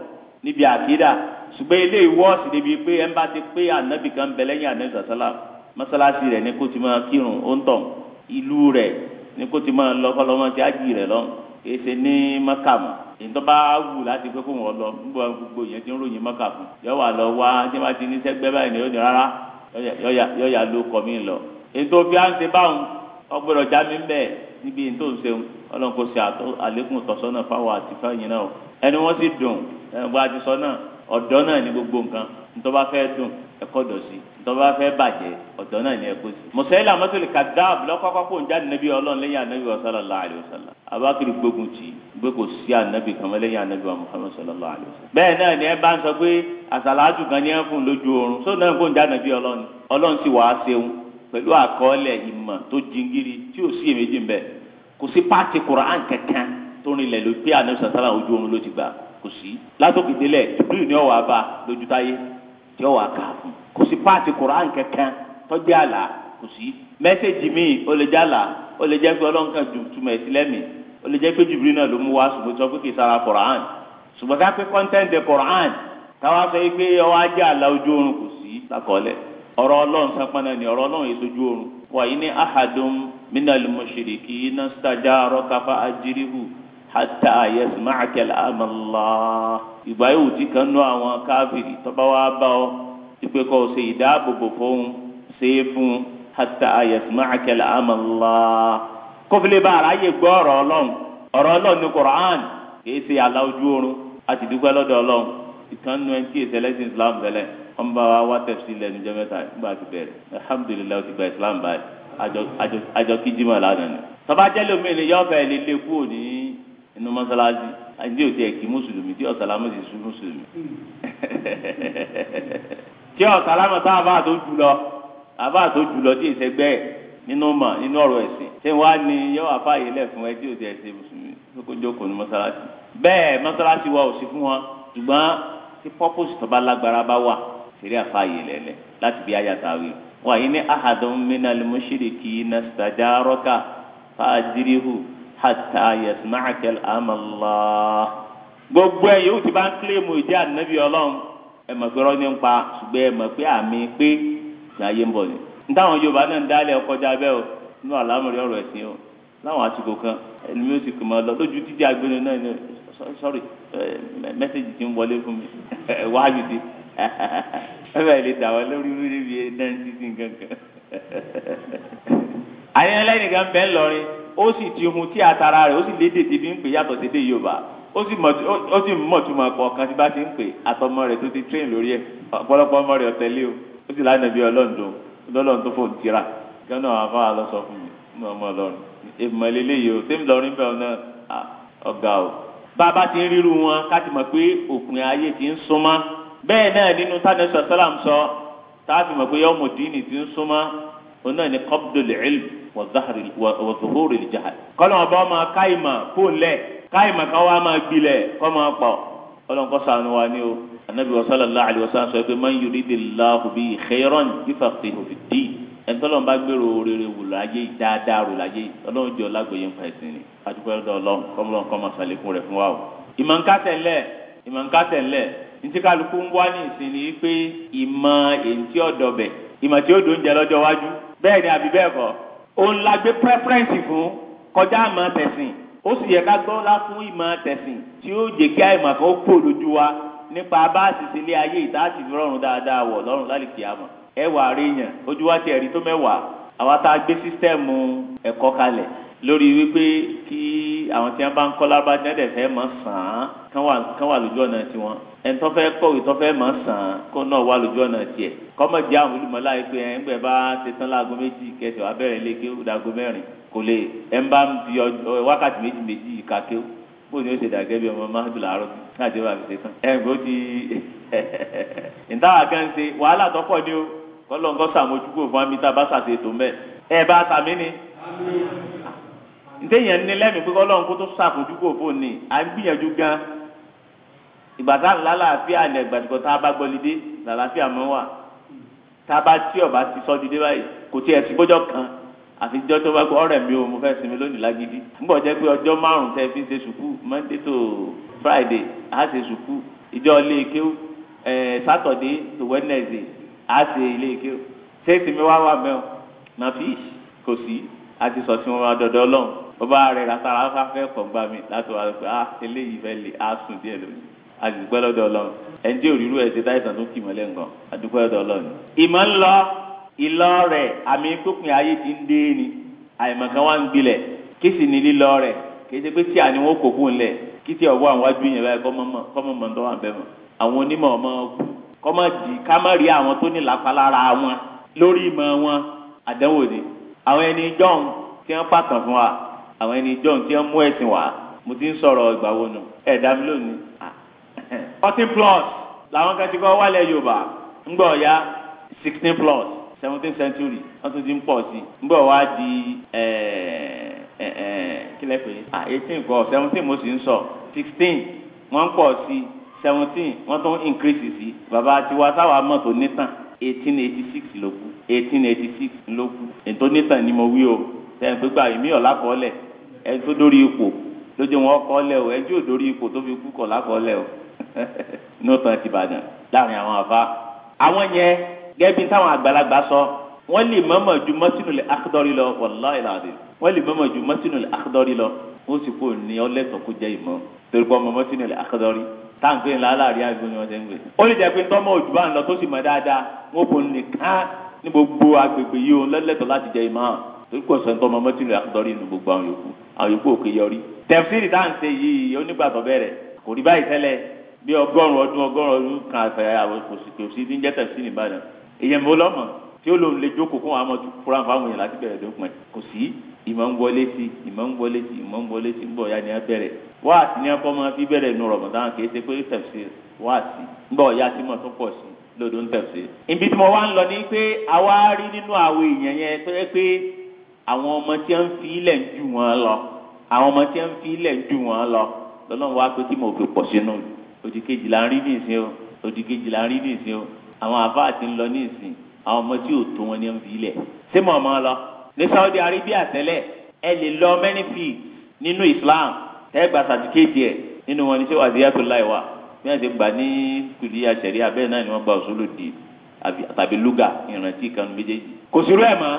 níbi àkídà ṣùgbọ́n ilé ìwọ́ọ̀sì níbi pé ẹ̀ ń bá ti pé ànábì kan bẹ lẹ́yìn ànábì sàṣálà mọ́sálásí rẹ̀ ní kó ti máa kírun ó ń tàn ìlú rẹ̀ ní kó ti máa lọ kọ́ lọ́mọ tí á jì rẹ̀ lọ kìí ṣe ní mọ́kà mọ́ ìtọ́ba wù láti pé kó wọ́n lọ nígbà gbogbo yẹn ti ń ròyìn mọ́kà fún yọ wà lọ wá tí wọ́n ti ní sẹ́gbẹ́ báyìí ni yóò ní rárá yọ yà ló kọ́ mi lọ. ètò bí a ń ṣe báwọn ọgbẹ́rọ̀ já mi bẹ́ẹ̀ níbi ètò ìṣeun ọlọ́run kò ṣe àlékún ìtọ́sọ́nà fáwọn àti fáyìn náà ẹni wọ́n sì dùn ẹni wọ́n ti sọ náà ọ̀dọ́ náà ní gbogbo nǹkan ìtọ́ba fẹ́ dùn ẹ̀kọ́ dọ̀sí tọ́ba fẹ́ bàjẹ́ ọ̀dọ́ náà ni ẹ̀kọ́ sí. mùsàlá mọ́tòlì kadab lọ́kọ́kọ́ kó ń jáde nàbí ọlọ́run lẹ́yìn anabi wa sallallahu alayhi wa sallam. abakiri gbógun tì gbé kò sí anabi kan lẹ́yìn anabi wa muhammad sallallahu alayhi wa sallam. bẹ́ẹ̀ náà ni ẹ bá ń sọ pé àsàlájú kan ní ẹ fún lójú oorun sọ náà kó ń jáde nàbí ọlọ́run ọlọ́run sì wàá ṣeun pẹ̀lú àkọọ́lẹ̀ ìmọ̀ tó jingiri tí ò sí èméjì ń bẹ kò sí pàtì Qur'an kankan tó rinlẹ̀ ló pé anabi sallallahu alayhi wa sallam ojú oorun ló ti gbà tí ó wà ká kò sí páàtì koran kankan tọ́jú àlà kò sí mẹ́sẹ̀gì míì ó lè jẹ́ àlà ó lè jẹ́ pé ọlọ́run kan ju túmọ̀ ẹ̀ sílẹ̀ mi ó lè jẹ́ pé jùbìrì náà ló mú wá ṣùgbọ́n sọ pé kì í sara koran ṣùgbọ́n ká pé kọ́ńtẹ́ǹtì koran táwa sọ yìí pé ọwọ́ ajé àlà ojú oorun kò sí lákọọ́lẹ̀ ọ̀rọ̀ ọlọ́run sápánà ni ọ̀rọ̀ ọlọ́run èso ojú oorun wàyí ní ahadum minal mushrikina stajaraka fa ajirihu hata ayẹsùn máa kẹlẹ amọlá ìgbà yóò ti kan nú àwọn káfíìrì tọba wa bá ọ ìpè kọ ṣe ìdáàbòbò fún ṣe é fún hata ayẹsùn máa kẹlẹ amọlá kófìlẹ bá ara yẹ gbọ́ ọ̀rọ̀ Ọlọ́run ọ̀rọ̀ Ọlọ́run ní koran kìí ṣe àlà ojú oorun àti dúpẹ́ lọ́dọ̀ Ọlọ́run ìkan nú ẹni tí èsì ẹlẹ́sìn Islam bẹ̀lẹ̀ wọn bá wa wá tẹ̀sí lẹ́nu jẹ́ mẹ́ta nígbà tí bẹ̀rẹ̀ alhamdulilayi ti gba Islam báyìí àjọ kí jimá lánàá ni tọ́ba jẹ́ lómi ni yọ́ọ̀fẹ́ lè lé kúrò ní inú mọ́sálásí àti òtí ẹ̀kí mùsùlùmí tí ọ̀sálámù ti sùn mùsùlùmí. tí ọ̀sálámù tá àbá tó jù lọ àbá tó jù lọ tí ìṣẹ́gbẹ́ ẹ̀ nínú mọ̀ nínú ọ̀rọ̀ ẹ̀sìn tí wọ́n á ní yọ àfáàyè lẹ̀ fún ẹ tí òtí ẹ̀sìn mùsùlùmí lókojókòó ní mọ́sálásí. bẹ́ẹ̀ mọ́sálásí wa ò sí fún wọn ṣùgbọ́n tí pọ́pọ́sì tó bá lágbára bá wà ṣeré àfáàyè lẹ̀lẹ̀ láti bí ayàtàwé wàyí ní ahadun minal mushrikina stajaraka fa'ajirihu hatta yasma'akal amala gbogbo ẹ yóò ti bá ń kílèmù ìdí ànábì ọlọ́run ẹ mọ̀ pé rọ́ọ̀nì ń pa ṣùgbọ́n ẹ mọ̀ pé àmì pé láyé ń bọ̀ ni. nítawọn yorùbá náà ń dálẹ̀ ọkọjá bẹ́ẹ̀ o nínú àlámọ̀rí ọ̀rọ̀ ẹ̀sìn o láwọn àtìkò kan ẹni music máa lọ lójú dídí agbẹ́ni náà ni sorry mẹ́sẹ̀gì ti ń wọlé fún mi wáyé ti ẹ bẹ́ẹ̀ lè dà wọ́n lórí rí náà ti ti nǹkan kan ayẹyẹlẹ nìkan bẹ́ẹ̀ lọrin ó sì ti ohun tí atara rẹ̀ ó sì léde tí fi ń pè yàtọ̀ sí dé Yorùbá ó sì mọ̀túmọ̀ kọ̀ọ̀kan tí bá ti ń pè àtọmọ rẹ̀ tó ti train lórí ẹ̀ ọ̀pọ̀lọpọ̀ ọmọ rẹ̀ ọ̀tẹ̀lẹ́ o ó sì lánàá bí ọlọ́ọ̀dún lọ́lọ́ọ̀dún tó fòun tira gánà àfa lọ sọ fún mi ní ọmọ Ọlọ́run èèmọ̀ lélẹ́yìí o sẹ́mi lọ́rin bẹ́ẹ̀ náà ọ̀gá o bá a bá ti ń ríru wọn ká ti mọ̀ pé òpin ayé ti ń súnmọ́ bẹ́ẹ̀ náà nínú tánẹ́sọ̀ sọ́làm sọ táàfin mọ̀ pé yọ́mùdínì ti ń súnmọ́ òun náà ni qabdul ilm wa zuhuril jahl. kọ́nà ọba ọmọ káyìmà fóun lẹ̀ káyìmà ká wá máa gbilẹ̀ kọ́ máa pọ̀ ọlọ́run kọ́ sànù wa ni o anabi sallallahu alaihi wasallam sọ pé man yuridillahu bihi khairan yufaqihu fid-din ẹnitọ́lọ́n bá gbèrò rere wò láyé dáadáa rò láyé ọlọ́run jẹ́ ọlágbèyẹ nǹkan ẹ̀sìn ni adúgbò ẹ̀dọ́ ọlọ́run kọ́mọlọ́run kọ́ máa ṣàlékún rẹ̀ fún wa o. ìmọ̀ èyí tí bẹ́ẹ̀ ni àbí bẹ́ẹ̀ kọ́ òun la gbé preference fún kọjá àmọ́ tẹ̀sìn ó sì yẹ ká gbọ́ lá fún ìmọ̀ tẹ̀sìn tí ó jẹ́ kí àìmọ̀ kan ó pò lójú wa nípa bá àṣìṣe ilé ayé ìta àti rọrùn dáadáa wọ̀ lọ́rùn lálìkì àmọ̀ ẹwà àríyàn ojú wa ti ẹ̀rí tó mẹ́wàá àwa tá a gbé sísítẹ́ẹ̀mù ẹ̀kọ́ kalẹ̀ lórí wípé kí àwọn tí wọn bá ń kọ́ lárúbá jẹ́dẹ̀ fẹ́ mọ̀ sàn án kán wà lójú ọ̀nà tiwọn ẹni tó fẹ́ kọ̀wé tó fẹ́ mọ̀ sàn án kó náà wà lójú ọ̀nà tiẹ̀ kọ́mọ̀ jẹ́ àwọn olùmọ̀lá yìí pé ẹ̀ ń gbẹ̀ bá ṣe tán láago méjì kẹsì wà bẹ̀rẹ̀ lé kí ó dago mẹ́rin kò lè ẹ̀ ń bá ń fi wákàtí méjì méjì ká kí ó bó ni ó ṣe dàgẹ́ bí ọmọ máa dùn àárọ̀ láti wà fi ṣe tán ẹ̀ ń gbó ti ìtawà kan ṣe wàhálà tó pọ̀ ni ó ntẹ̀yìn ní lẹ́mìí pé ọlọ́run kó tó sàkójúkò fóun ni à ń gbìyànjú gan ìgbàtà lálàáfíà ní ẹgbàdìgbọ́ tá a bá gbọ́ lidé mọ́ wà tá a bá tí ọba ti sọ dídé báyìí kò tí ẹ ti gbọ́jọ́ kan àfi jọ́ tó bá gbọ́ ọ̀rẹ́ mi ò mo fẹ́ sinmi lónìí lágídí ńbọ̀ jẹ́ pé ọjọ́ márùn-ún tẹ́ fi ń ṣe sùkú monday to friday á ṣe sùkú ìjọ ilé kéw ẹ saturday to wednesday á ṣe ilé kéw ṣé ìsinmi wá wà mẹ́ọ̀ nàfíìsì kò sí àti sọ̀tún ọmọ adọ̀dọ̀ ọlọ́run bàbá rẹ̀ látara afáfẹ́ kọ̀ǹgbà mi láti wà lọ́pẹ́ ah eléyìí fẹ́ lè á sùn díẹ̀ lónìí àdùgbẹ́ lọ́dọ̀ ọlọ́run ẹ̀ǹdí òrírú ẹ̀ ti táìsàn tó kì mọ́lẹ̀ nǹkan àdùgbẹ́ lọ́dọ̀ ọlọ́run. ìmọ̀ ń lọ ìlọ rẹ̀ àmì pínpín ayé ti ń dé ni àìmọ̀ kan wá ń gbilẹ̀ kí sì ní lílọ rẹ̀ kì í ṣe pé tí àní wọn kò kún lẹ̀ kí tí ọ̀wọ́ àwọn ajú yẹn báyìí kọ́mọ̀mọ̀ tó wà ń bẹ̀ mọ̀ àwọn onímọ̀ ọmọ kọ́mọ̀ jì ká má rí àwọn tó ní lápá wọn lórí ìmọ̀ wọn àdánwò ni àwọn ẹni jọ̀hún tí wọ́n pàtàn fún wa àwọn ẹni jọ̀ tí wọ́n mú ẹ̀sìn wá mo ti ń sọ̀rọ̀ ìgbà wo nù ẹ̀ dá mi lónìí. Ah. fourteen plus làwọn kan ti kọ́ wálẹ̀ yorùbá ńgbọ̀ ya sixteen plus seventeen century wọ́n tún ti ń pọ̀ sí i ńgbọ̀ wá di kílẹ̀ pé ah, eighteen kọ́ seventeen mo sì ń sọ sixteen wọ́n ń pọ̀ sí i seventeen wọ́n tún increase sí i bàbá tiwa sáwà mọ̀tò nítàn eighteen eighty six ló kù eighteen eighty six ló kù ètò nítàn ni mo wí o sẹ́yìn pé gbà mí ọ̀la kọ́lẹ̀ ẹ tó dórí ipò lójú wọn kọ́lẹ̀ o ẹjọ́ dórí ipò tó fi kú kọ̀ lákọ́lẹ̀ o inú tán ti bàdàn láàrin àwọn àfa. àwọn yẹn gẹ́bí táwọn àgbàlagbà sọ wọ́n lè mọ̀mọ̀ ju mọ́sínúlẹ̀ akadọ́rí lọ wàláhì láàdì wọ́n lè mọ̀mọ̀ ju mọ́sínúlẹ̀ akadọ́rí lọ ó sì kó ní ọlẹ́tọ̀ kó jẹ́ ìmọ̀ torí pé ni wọ́n ti ń gbé. ó ní gbogbo agbègbè yìí òun lọ́lẹ́tọ̀ láti jẹ́ ìmọ̀ torí kò sọ̀tọ̀ ọmọ mọ́tìlú àkọ́dọ́rí nínú gbogbo àwọn yòókù àwọn yòókù òkè yọrí. tẹ̀fsírì tá à ń ṣe yìí onígbàtọ̀ bẹ̀rẹ̀ kò rí báyìí tẹ́lẹ̀ bí ọgọ́rùn ọdún ọgọ́rùn ọdún kan àfẹ́yàwó kò sì kò sí ní jẹ́ tẹ̀fsírì ìbàdàn èyàn mọ́ lọ́mọ tí ó lòun lè jókòó kó àwọn ọmọ fúra fáwọn èèyàn láti bẹ̀rẹ̀ dópin kò sí ìmọ̀ ń wọlé sí ìmọ̀ ń wọlé sí ìmọ̀ ń wọlé sí ń bọ̀ ya ni a bẹ̀rẹ̀ wáàtí ni ọkọ máa fi bẹ̀rẹ̀ nu Ramadan kì í ṣe pé tẹ̀fsírì wáàtí ń bọ̀ ya tí mo tún pọ̀ sí lọ́dún tẹ̀fsírì. ibi tí mo wá ń lọ ni pé àwa rí nínú àwọn èèyàn yẹn pé àwọn ọmọ tí wọ́n fi ilẹ̀ ń jù wọ́n lọ àwọn ọmọ tí wọ́n fi ilẹ̀ ń jù wọ́n lọ lọ́lọ́run wá pé kí mo fi pọ̀ sínú òdì kejì la ń rí nìsín o òdì kejì la ń rí nìsín o àwọn àfáà ti ń lọ nìsín àwọn ọmọ tí ò tó wọn ni wọ́n fi ilẹ̀ ṣé mo mọ̀ lọ ní Saudi Arabia tẹ́lẹ̀ ẹ lè lọ mẹ́nìfì nínú Islam ẹ gba sàtìkéètì ẹ nínú wọn ni ṣé wàzíyá tó láì wà bí wọ́n ti gbà ní kùdí àṣẹ̀rí abẹ́ẹ̀ náà ni wọ́n gba òṣòlòdì tàbí lúgà ìrántí kan méjèèjì kò sí rú ẹ̀ mọ́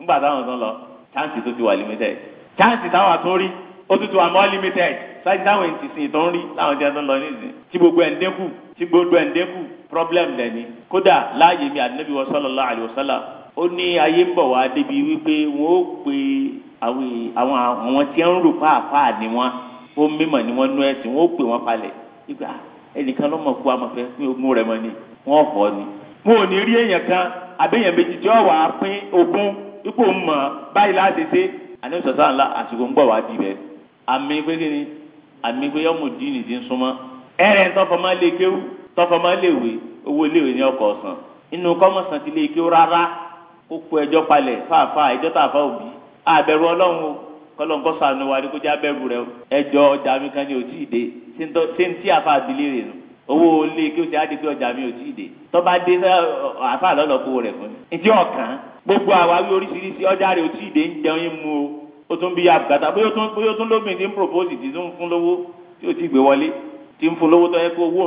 nígbà táwọn tán lọ chance tó ti wà limited chance táwọn àtúnrí ó tún ti wà more limited ṣáàjì táwọn ètò ìsìn tó ń rí láwọn jẹ́ tó ń lọ nísìn tí gbogbo ẹ̀ ń dínkù tí gbogbo ẹ̀ ń dínkù problem dẹ̀ ni kódà láàyè mi àdínábì wọ sallallahu alaihi wasallam ó ní ayé ń bọ̀ wá débi wípé wọ́n ó pe àwọn e, àwọn tí ń rò pàápàá ni wọ́n ó mímọ̀ ni wọ́n nú ẹ̀sìn wọ́n ó pè wọ́n palẹ̀ ìgbà ẹnìkan lọ́mọ kú amọ̀fẹ́ pín ogún rẹ̀ mọ́ ni wọ́n fọ́ ni wọn ò ní rí èèyàn kan àbẹ́yẹn méjì tí ó wà á pín ogún ipò mọ̀ báyìí láti ṣe àní sọ̀tà ńlá àsìkò ń bọ̀ wá dìbẹ̀ àmì pé kí ni àmì pé yọmù dín nìdí ń súnmọ́ ẹ̀rẹ̀ tọfọmọ́ lè kéwú tọfọmọ́ lè wé owó iléèwé ní ọkọ̀ ọ̀sán inú kọ́mọ̀sán ti lè kéwú rárá kó kó ẹjọ́ palẹ̀ fáfá ẹjọ́ tàfá òbí àbẹ̀rù ọlọ́run o kọ́lọ́n kọ́ sànù wa ni kó jẹ́ abẹ́rù rẹ o ẹjọ́ ọjà mi kan ní òtí ìdè ṣé ń tí àfa àbílẹ̀ rẹ̀ nù owó ilé kí o ti á di pé ọjà mi òtí ìdè tọ́ bá dé àfa àlọ́lọ́kọ́ rẹ̀ fún mi ìdí ọ̀kan gbogbo àwáwí oríṣiríṣi ọjà rẹ̀ ò tí ì dé ń jẹun yín mu o ó tún bí àbùkátà bóyá ó tún bóyá ó tún lóbìnrin tí ń propose tí ń fún lówó tí ò tí ì gbé wọlé tí ń fún lówó tó yẹ kó owó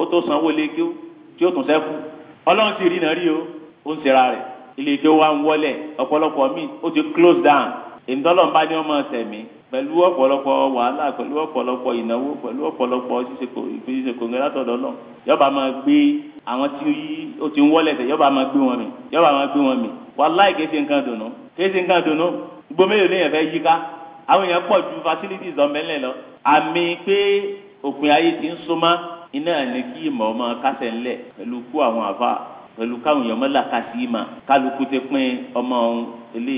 ó tó sanwó lé kí ó tí ó tún sẹ́kù ọlọ́run sì rí náà rí o ó ń ṣera rẹ̀ ilé ìjọ wa ń wọlé ọ̀pọ̀lọpọ̀ míì ó ti close down ìdọ́lọ́mbá ni ọmọ tẹ̀mí pẹ̀lú ọ̀pọ̀lọpọ̀ wàhálà pẹ̀lú ọ̀pọ̀lọpọ̀ ìnáwó pẹ̀lú ọ̀pọ̀lọpọ̀ ṣíṣe kòǹgẹ látọ̀dọ̀ náà yọba máa gbé àwọn tí ó ti ń wọlé tẹ̀ yọba máa gbé wọn mì yọba máa gbé wọn mì wàláì kéde nǹkan dùnú kéde nǹkan dùnú gbogbo mélòó lèèyàn fẹ́ yíká àwọn èèyàn pọ̀ ju facilities ọ̀mẹ́lẹ̀ lọ àmì pé òpin ayé ti ń súnmọ́ iná ní kí ìmọ̀ ọmọ kásẹ̀ ńlẹ̀ pẹ̀lú kú àwọn àfáà pẹ̀lú káwọn èèyàn mọ́lá ká sí ìmà kálukú ti pín ọmọ ọ̀hún ilé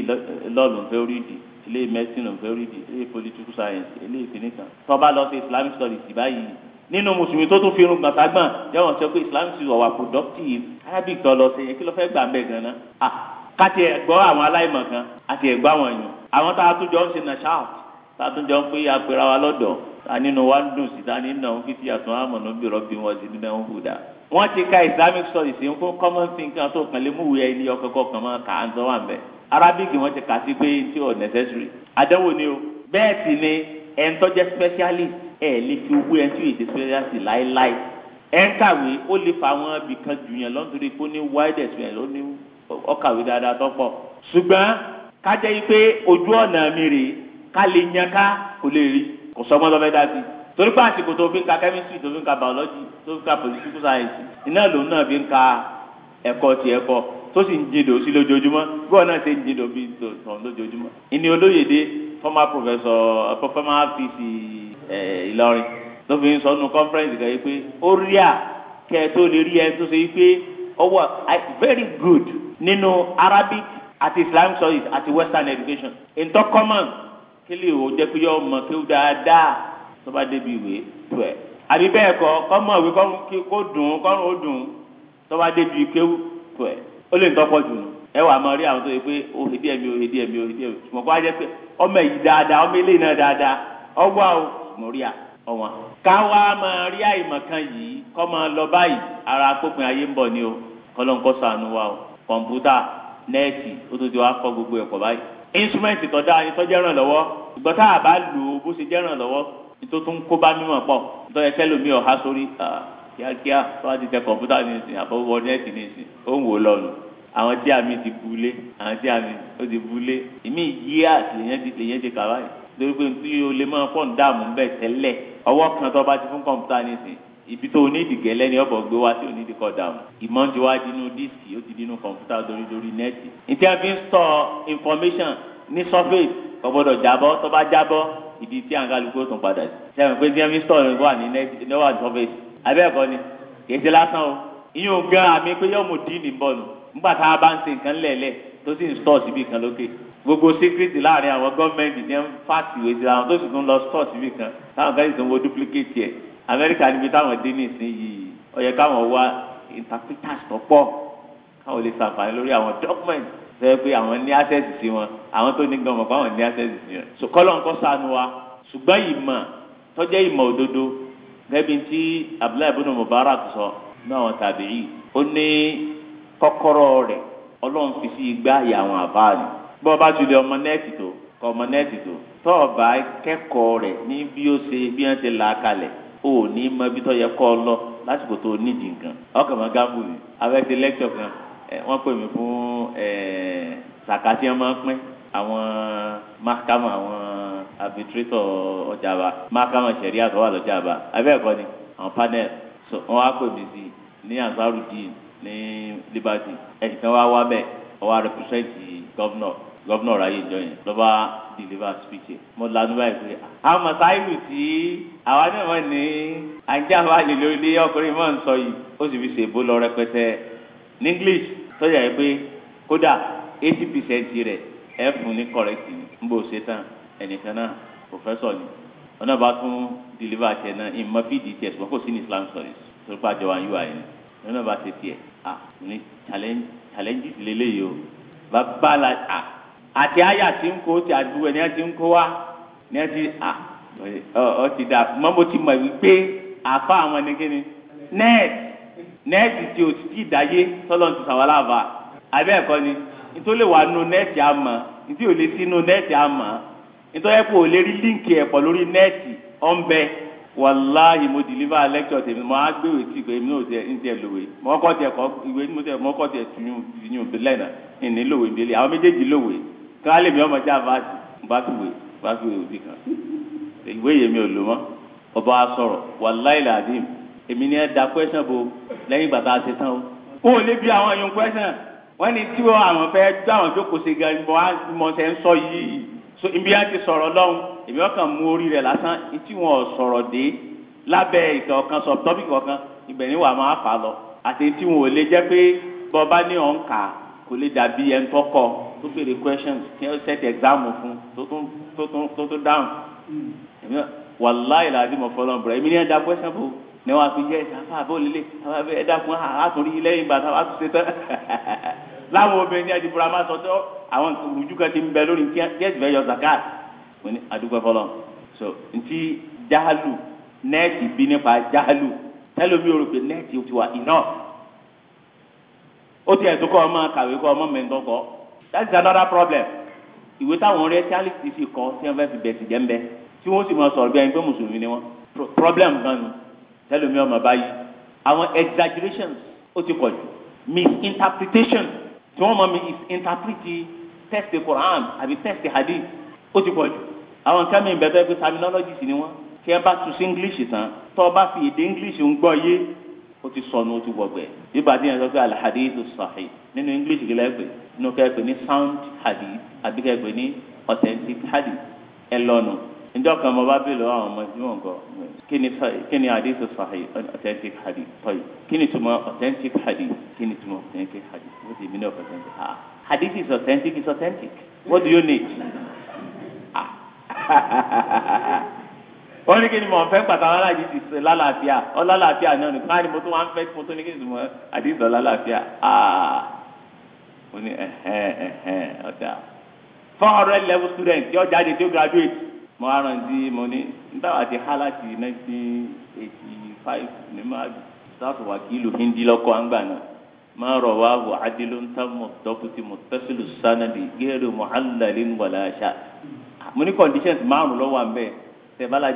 lọ́ọ̀lù fẹ́rídì ilé mẹ́sìn fẹ́rídì ilé political science ilé ìfìníkan tó bá lọ sí islamic studies báyìí nínú mùsùlùmí tó tún fi irun gbànságbàn yẹ́wọ̀n sọ pé islamic studies ọ̀wà productive arabic tó lọ sí kí ló fẹ́ gbà bẹ́ẹ̀ gan-an ah káti ẹ̀ gbọ́ àwọn aláìmọ̀ kan àti ẹ̀ gbọ́ àwọn èèyàn àwọn tá a tún jọ ń ṣe nashaut tá a tún jọ ń pé apẹ̀rẹ̀ wa lọ́dọ̀ wọ́n ti ka islamic studies ń fún common thinking tó kàn lé múwèé ẹni ọkọ̀ọ̀kọ̀ kan máa kà á ń sọ wà mẹ́ arabic wọ́n ti kà sí pé tí ò necessary àdánwò ni o bẹ́ẹ̀ sì ni ẹni tó jẹ́ specialist ẹ̀ lè fi owó ẹni tí ò ṣe specialist láéláé ẹ̀ ń kàwé ó lè fa àwọn ibì kan jù yẹn lọ́dúnrún pé ó ní wide experience ó ní ọkàwé dáadáa tó pọ̀ ṣùgbọ́n ká jẹ́ pé ojú ọ̀nà mi rèé ká lè yan ká kò lè rí kò sọ ọmọ lọ́fẹ́ dá sí i torí pé àsìkò tó fi ń ka chemistry tó fi ń ka biology tó fi ń ka political science iná lòun náà fi ń ka ẹ̀kọ́ ti ẹ̀kọ́ tó sì ń jìndò sí lójoojúmọ́ bí wọn náà ṣe ń jìndò bí tòun lójoojúmọ́. ìní olóyèdè former professor former vc Ìlọrin ló fi ń sọ nù conference kan yìí pé ó rí à kẹ tó lè rí ẹ tó ṣe pé ọwọ́ very good nínú Arabic àti Islam studies àti Western education. ìtọ́ common kí lè o jẹ́ pé yọ ọmọ kí o dáadáa tó bá débi ìwé tó ẹ̀ àbí bẹ́ẹ̀ kọ́ kọ́mọ ìwé kó dùn kọ́rùn ó dùn tó bá débi kéwù tó ẹ̀ ó lè tọ́pọ̀ jù nù ẹ wà máa rí àwọn tó yẹ pé òhe díẹ̀ mi o díẹ̀ mi òhe díẹ̀ mi ṣùgbọ́n kó wá jẹ́ pé ọmọ èyí dáadáa ọmọ ilé náà dáadáa ọwọ́ àwọn mọ̀ríà ọ̀wọ́n. ká wá máa rí àìmọ̀ kan yìí kọ́ máa lọ báyìí ara pópin ayé ń bọ̀ ni o kọ́lọ́nkọ́ sànù wa o kọ̀ǹpútà nẹ́ẹ̀tì ó tó ti wá kọ́ gbogbo ẹ̀kọ́ báyìí. instrument tó da ni lọ́wọ́ ìgbọ́tà àbá lò ó bó ṣe jẹ́ lọ́wọ́ tó tún kó bá mímọ̀ pọ̀ tó yẹ kẹ́lò mi ọ̀há sórí kíákíá tó bá ti tẹ kọ̀ǹpútà nísìn àbọ̀wọ̀ nẹ́ẹ̀tì nísìn ó ń wò lọ́nu àwọn tí àmì ti bu lé àwọn tí àmì ó ti bu lé ìmí yí àtìlẹyìn ti lèyìn ti kà báyìí torí pé tí o lè máa pọ̀ ń dààmú bẹ́ẹ̀ tẹ́lẹ̀ ọwọ́ kan tó bá ti fún kọ̀ǹpútà nísìn ibi tó onídìí gẹ́lẹ́ ni ọ̀bọ̀ gbé wá tí onídìí kọ́ dààmú ìmọ̀ ti wá dínú díìsì ó ti dínú kọ̀ǹpútà dorí dorí nẹ́ẹ̀tì ìtí a fi ń sọ information ní surface kò gbọ́dọ̀ jábọ́ tó bá jábọ́ ìdí tí àǹkálukú tó padà sí. sẹ́wọ̀n pé díẹ̀ mísítọ̀ wà ní lọ́wọ́ surface abẹ́ẹ̀kọ́ ni kì í ṣe lásán o ìyóò gan àmì pé yóò mú dín ní bọ́ọ̀lù nígbà tá a bá ń ṣe nǹkan lẹ̀lẹ̀ tó sì ń stọ̀ síbi kan lókè gbogbo secret láàrin àwọn gọ́ọ̀mẹ̀ntì ní fásitì ìwé síra àwọn tó sì tún lọ stọ̀ síbi kan táwọn kan sì tún wo duplicate ẹ̀ amẹ́ríkà níbi táwọn dé ní ìsinyìí ó yẹ káwọn wá interpreters tó káwọn lè ṣàǹfààní lórí àwọn document sọ pé àwọn ní access sí wọn àwọn tó ní gan mọ̀ pé àwọn ní access sí wọn so kọ́lọ̀ ń kọ́ sànù wa ṣùgbọ́n ìmọ̀ tọ́jẹ́ ìmọ̀ òdodo gẹ́bí tí abdullahi ibn mubarak sọ ní àwọn tàbí yìí ó ní kọ́kọ́rọ́ rẹ̀ ọlọ́run fi sí igbá àyà àwọn àbáàlì bọ́ bá ti lè ọmọ nẹ́ẹ̀tì tó kọ ọmọ nẹ́ẹ̀tì tó tọ́ ọ bá kẹ́kọ̀ọ́ rẹ̀ ní bí ó ṣe bí wọ́n ti là á kalẹ̀ o ní mọ ibi tó yẹ kọ́ ọ lọ lásìkò tó nídìí nǹkan ọkàn mọ́ gáàmù yìí abẹ́ ti lẹ́kṣọ̀ kan Eh, wọ́n pè mí fún eh, sàkàtì ọmọ pín àwọn mákàmù àwọn arbitrétọ̀ ọjà bá mákàmù sẹ̀ríà tó wà lọ́jà bá abẹ́ẹ̀kọ́ ni àwọn panel so wọ́n wá pè mí sí ní ansarudin ní liberty ẹ̀yìn kan wá wá bẹ́ẹ̀ wọ́n wá rẹpúsẹ́ǹtì gọ́vnọ̀ gọ́vnọ̀ ráyè ìjọ lọ́ba deliver speech mo lanu báyìí pé àwọn mọ̀sáìlù tí àwa náà wọ́n ní àjàmbá lè lórí ọkùnrin mọ́ ń sọ yìí ó sì fi ṣèbó lọ rẹpẹtẹ ní English sọ́jà yìí pé kódà eighty percent rẹ̀ ẹ̀ fún ní correct ni ń bò ṣe tán ẹnìkan náà professor ni ọ̀nà bá tún deliver tiẹ̀ náà in di tiẹ̀ ṣùgbọ́n kò sí ní Islam stories tó pa àjọ wa ń yú àyè ni bá ṣe tiẹ̀ à ní challenge o bàbá la à àti àyà tí ń kó ti àdúgbò ni a ti ń kó wa ni a ti à ọ ti dà mọ́ mo ti mọ̀ wípé àfa àwọn ẹni kí ni nẹ́ẹ̀tì tí o ti dáyé tọ́lọ́ ti sàwọn aláàbà abẹ́ ẹ̀kọ́ ni nítorí wà nù nẹ́ẹ̀tì àmọ́ nítorí ò lè sí nù nẹ́ẹ̀tì àmọ́ lè rí líǹkì ẹ̀pọ̀ lórí nẹ́ẹ̀tì ọ̀nbẹ wàláhì mo deliver lecture tèmi mo á gbéwèé tí ìgbé mi náà ń tẹ lòwe mo kọ́ kan ìwé yẹn ọba sọ̀rọ̀ wàláhì èmi ni ẹ da question bo lẹ́yìn ìgbà tá a ṣe tán o. wọn lè bi àwọn yòókù question wọn ni tí àwọn fẹ́ gbé àwọn jókòó ṣe gan mọ ṣe ń sọ yìí ibi á ti sọ̀rọ̀ lọ́hùn èmi ọkàn mú orí rẹ̀ lásán tí wọn sọ̀rọ̀ dé lábẹ́ ìtàn kan sọ tọ́pì kankan ibẹ̀ ni wà á máa fà lọ àti tí wọn ò lè jẹ́ pé bọ́ba ní ọ̀nkà kò lè dàbí ẹni tó kọ tó béèrè questions kí ẹ ṣẹ̀tì exam fún tó tún dáhùn hmm. wàláì làdí mọ̀ fọlọ́n bùrẹ̀ èmi ni ẹ da question bo ní wọn fi jẹ àfa àbólélé àfa ẹdákun àtúrí lẹ́yìn bàtà àtúnṣe tán láwọn obìnrin ní adìbúra máa sọ tó àwọn rújú kan ti ń bẹ lórí díẹ̀ fẹ́ yọ zakat mo ní adúgbò fọlọ so ntí jahalu nẹẹti bí nípa jahalu tẹlomi o rò pé nẹẹti ti wà iná ó ti ẹ̀dùn ọmọ kàwé kọ́ ọmọ mẹ́ńtọ́ kọ́ that is another problem ìwé táwọn ọ̀rẹ́ tí alex ti fi kọ́ tí wọ́n fẹ́ fi bẹ̀sì jẹ́ ń bẹ tí wọ́n sì máa sọ̀rọ̀ bí ẹni pé problem gan tẹlomi ọmọ báyìí àwọn exaggerations ó ti pọ̀ jù misinterpretation tí wọ́n mọ misinterpreti tẹ́sítì Quran àbí tẹ́sítì hadith ó ti pọ̀ jù àwọn nǹkan mìíràn bẹ́ẹ̀ bẹ́ẹ̀ pé terminologies ni wọ́n tí ẹ bá tún sí English tán tó o bá fi èdè English ń gbọ́ yé ó ti sọnù ó ti wọ̀gbẹ́ bíbá díẹ̀ sọ pé al-hadith sahih nínú English kìlẹ̀ pé nínú kẹ́ pé ní sound hadith àbí kẹ́ pé ní authentic hadith ẹ lọ́nu njọ́ kan mo bá bí lọ́wọ́ àwọn ọmọ tí wọ́n kọ́ kí ni hadith sahih authentic hadith sahih kí ni tuma authentic hadith kí ni tuma authentic hadith what do you mean of authentic ah hadith is authentic is authentic what do you need ah wọ́n ní kí ni mo fẹ́ pàtàkì aláàjì ti ṣe lálàáfíà ọlálàáfíà náà ni káàdì mo tún wá ń fẹ́ mo tún ní kí ni mo hadith ọlálàáfíà ah mo ní ẹ̀hẹ́n ẹ̀hẹ́n ọ̀dà four hundred level student yóò jáde tó graduate. mo á rántí mo ní nígbà ti há láti nineteen eighty five ní máa sáàtò wákìlù hindi lọ́kọ́ àgbà náà máa rọ̀ wá bò adilu ń tán tẹ́sílù sanadi géèrè mọ̀ alàlẹ́ ń wọlé àṣà mo ní conditions márùn lọ́wọ́ àmbẹ́ tẹ bẹ̀rẹ̀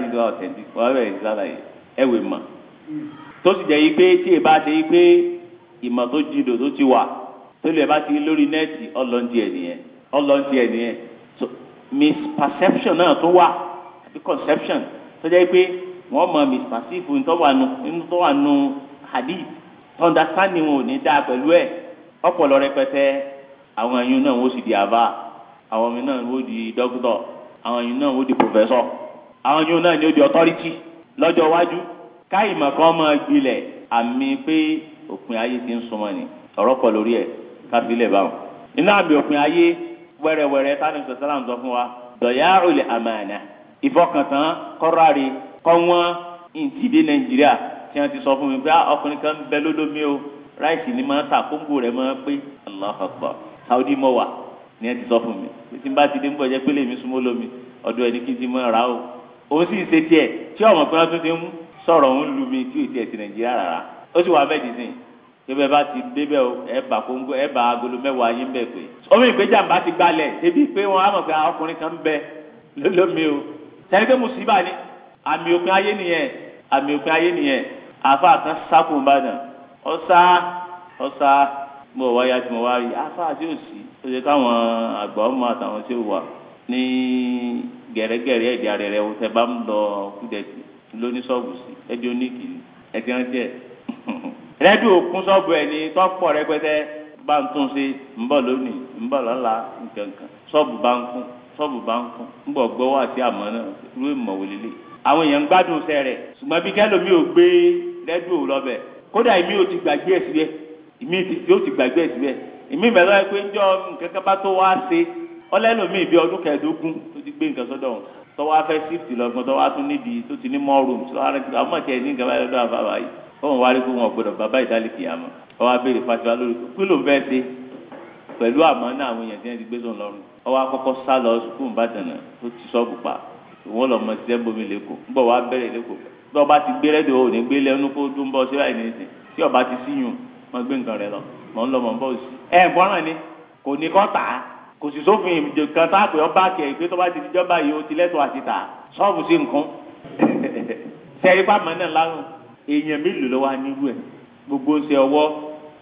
ìsára yìí tó jẹ́ tí ì bá ìmọ̀ tó tó ti wà tó lè bá ti lórí nẹ́ẹ̀tì ẹ̀ nìyẹn misperception náà tó wà àbí conception tó jẹ́ pé wọ́n mọ misperceive ní tó wà nù hadith tó understanding wọn ò ní dáa pẹ̀lú ẹ̀ ọpọlọ rẹpẹtẹ àwọn ẹyin náà wọ́n sì di àbá àwọn ẹyin náà wọ́n di dókítà àwọn ẹyin náà wọ́n di pòfẹ́sọ̀ àwọn ẹyin náà ni ó di ọtọ́rítì lọ́jọ́ iwájú káyìmọ̀ kan máa gbilẹ̀ àmì pé òpin ayé ti ń súnmọ́ ni ọ̀rọ̀ pọ̀ lórí ẹ̀ káfílẹ̀ báwọn. iná àmì òpin ayé wẹ́rẹ́wẹ́rẹ́ tani sọ̀sálàm sọ fún wa dọ̀yà òlè àmàna ìfọkàntán kọ́ráre kọ́wọ́n ìtìdé nàìjíríà tí wọ́n ti sọ fún mi pé ah, ọkùnrin kan bẹ lódomi o ráìsì ni máa ń ta kóńgò rẹ̀ máa ń pé Allahu Akbar Saudi mọ̀ wà ni ẹ ti sọ fún mi tí n bá ti dé ń bọ̀ jẹ́ pélé mi súnmọ́ lómi ọ̀dọ̀ ẹni kí n ti mọ ra o òun sì ń ṣe tiẹ̀ tí ọmọ pé wọ́n tún ti ń sọ̀rọ̀ òun lu mi tí ò tẹ́bẹ̀ bá ti débẹ̀ o ẹ bá kóńgó ẹ bá agolo mẹ́wàá yín bẹ̀ pé. omi ìgbéjà bá ti gbalẹ̀ ebi pé wọn á mọ̀ pé ọkùnrin kan bẹ lómi o sẹ́ni pé mùsùlùmí ni àmì òpin ayé nìyẹn àmì òpin ayé nìyẹn àfa kan sákùn ìbàdàn ọ̀sá ọ̀sá mo wá ya tí mo wá rí àfa àti òsì ó ṣe káwọn àgbà ọmọ àtàwọn tí ó wà ní gẹ̀rẹ́gẹ̀rẹ́ ẹ̀dí arẹ̀rẹ̀ o tẹ bá ń lọ kúdẹ̀tì lóní ṣọ́ọ̀bù sí ẹ̀dí oníkì ẹ̀dí ọ̀jẹ̀ rẹ́díò kún sọ́ọ̀bù ẹ̀ ní tọ́pọ̀ rẹpẹtẹ bá ń tún sí ń bọ̀ lónìí ń bọ̀ lọ́la nǹkan kan bá ń kún sọ́ọ̀bù bá ń kún ń bọ̀ gbọ́wọ́ àti àmọ́ náà ló mọ̀ wòlélẹ̀ àwọn èèyàn ń gbádùn sẹ́ ti gbàgbé ẹ̀ síbẹ̀ èmi ti gbàgbé ẹ̀ síbẹ̀ èmi bẹ̀rẹ̀ lọ́wọ́ pé ti gbé nǹkan sọ́dọ̀ tọ́wọ́ afẹ́ sífìtì lọ́gbọ́n tọ́wọ́ níbi tó ti ní àwọn ní nǹkan lọ́dọ̀ fọwọn wá rí pé wọn gbọ́dọ̀ bàbá ìdálẹkì àmọ́ ọwọ abéèrè fatiwa lórí pé ló ń bẹ ṣe pẹ̀lú àmọ́ náà àwọn èèyàn tí wọn ti gbé sóun lọ́rùn ọwọ akọ́kọ́ sá lọ sukùn bàtànà tó ti sọọbù pa wọn lọ mọ ti dẹ́bomi lẹ́kọ̀ọ́ ń bọ̀ wá bẹ̀rẹ̀ lẹ́kọ̀ọ́ tí ọba ti gbé rẹ́díò òní gbé lẹ́nu kó dún bọ́ síra ìní ìsìn tí ọba ti síyùn mọ gbé nǹkan rẹ lọ mọ ń lọ mọ ń bọ̀ sí. ẹ bọ́ràn ni kò ní kọ́ tà á kò sì sófin ìjọkan tá a pè ọ́ bá kẹ̀ pé tó bá ti dijọ́ báyìí o ti lẹ́tọ̀ọ́ àti tà sọ́ọ̀bù sí nǹkan. sẹ́yìn fáwọn náà lárùn èèyàn mélòó lọ́wọ́ anílù ẹ̀ gbogbo ń ṣe ọwọ́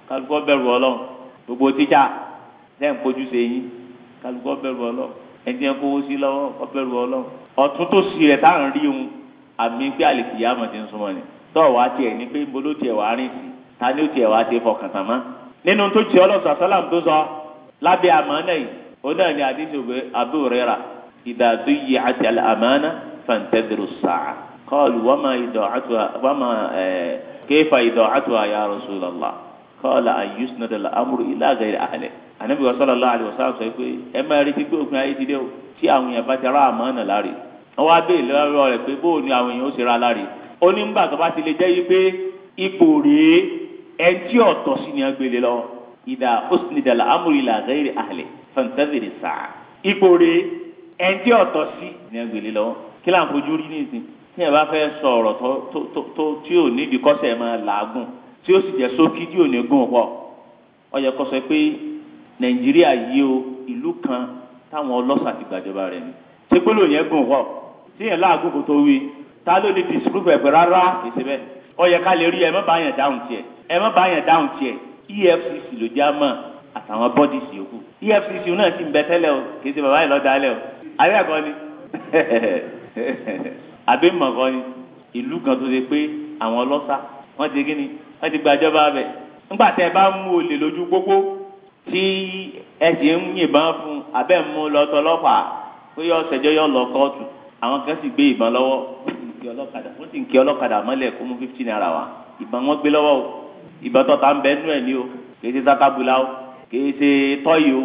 kálukọ́ bẹ̀rù ọlọ́run gbogbo tíjà lẹ́yìn fojú ṣe yín kálukọ́ bẹ̀rù ọlọ́run ẹni tí wọ́n kówó sí lọ́wọ́ kọ́ bẹ̀rù ọlọ́run ọ̀tún tó sì rẹ̀ táwọn rí òun àmì pé àlèkìyà mọ̀ ti ń súnmọ́ ni tọ́ọ̀ wá tiẹ̀ ní pé níbo ló tiẹ̀ wá rìn sí ta ni ó tiẹ̀ wá ti fọkàn tán mọ́ nínú tó tiẹ̀ ọlọ́sọ̀ sálàm tó sọ lábẹ́ àmánà yìí ó náà ní àdéhùn Abu Hurairah ìdàdúyè àti àmánà fàǹtẹ́dìrú sàá قالوا وما إضاعتها وما كيف إضاعتها يا رسول الله قال أن يسند الأمر إلى غير أهله Ànábì sallallahu alaihi wasallam sọ pé ẹ máa retí ni tí ẹ bá fẹ́ sọ ọ̀rọ̀ tó tí ò nídìí kọ́sẹ̀ máa làágùn tí ó sì jẹ́ sókí tí ò ní gùn pọ̀ ó yẹ kó sọ pé nàìjíríà yìí o ìlú kan táwọn ọlọ́ṣà ti gbàjọba rẹ̀ ni ṣé gbólóhùn yẹn gùn pọ̀ tí yẹn láàgùn kò tó wí ta ló ní disprove ẹ̀pẹ̀ rárá èsì bẹ́ẹ̀ ó yẹ ká lè rí ẹ má bá yẹn dáhùn tiẹ̀ ẹ má bá yẹn dáhùn tiẹ̀ EFCC ló já mọ́ àtàwọn bọ́dìsì yòókù EFCC náà ti ń bẹ tẹ́lẹ̀ o kì í ṣe bàbá yìí lọ́ọ́ dálẹ̀ o àríyàkọ́ ni àbí mọ̀gọ́ ni ìlú kan tó ṣe pé àwọn ọlọ́ṣà wọ́n ti kíni wọ́n ti gbàjọba bẹ̀ nígbà tẹ́ ẹ bá mú olè lójú pópó tí ẹ sì ń yìnbọn fún abẹ́ mú lọ́tọ́ ọlọ́pàá pé yọ ṣẹjọ́ yọ lọ kóòtù àwọn kan sì gbé ìbọn lọ́wọ́ wọ́n sì ń kí ọlọ́kadà mọ́lẹ̀ kó mú fifteen naira wá ìbọn wọn gbé lọ́wọ́ o ìbọn tọ́ta ń bẹ nú ẹ̀ ní o kì ṣe sátábùlà o kì ṣe tọ́yì o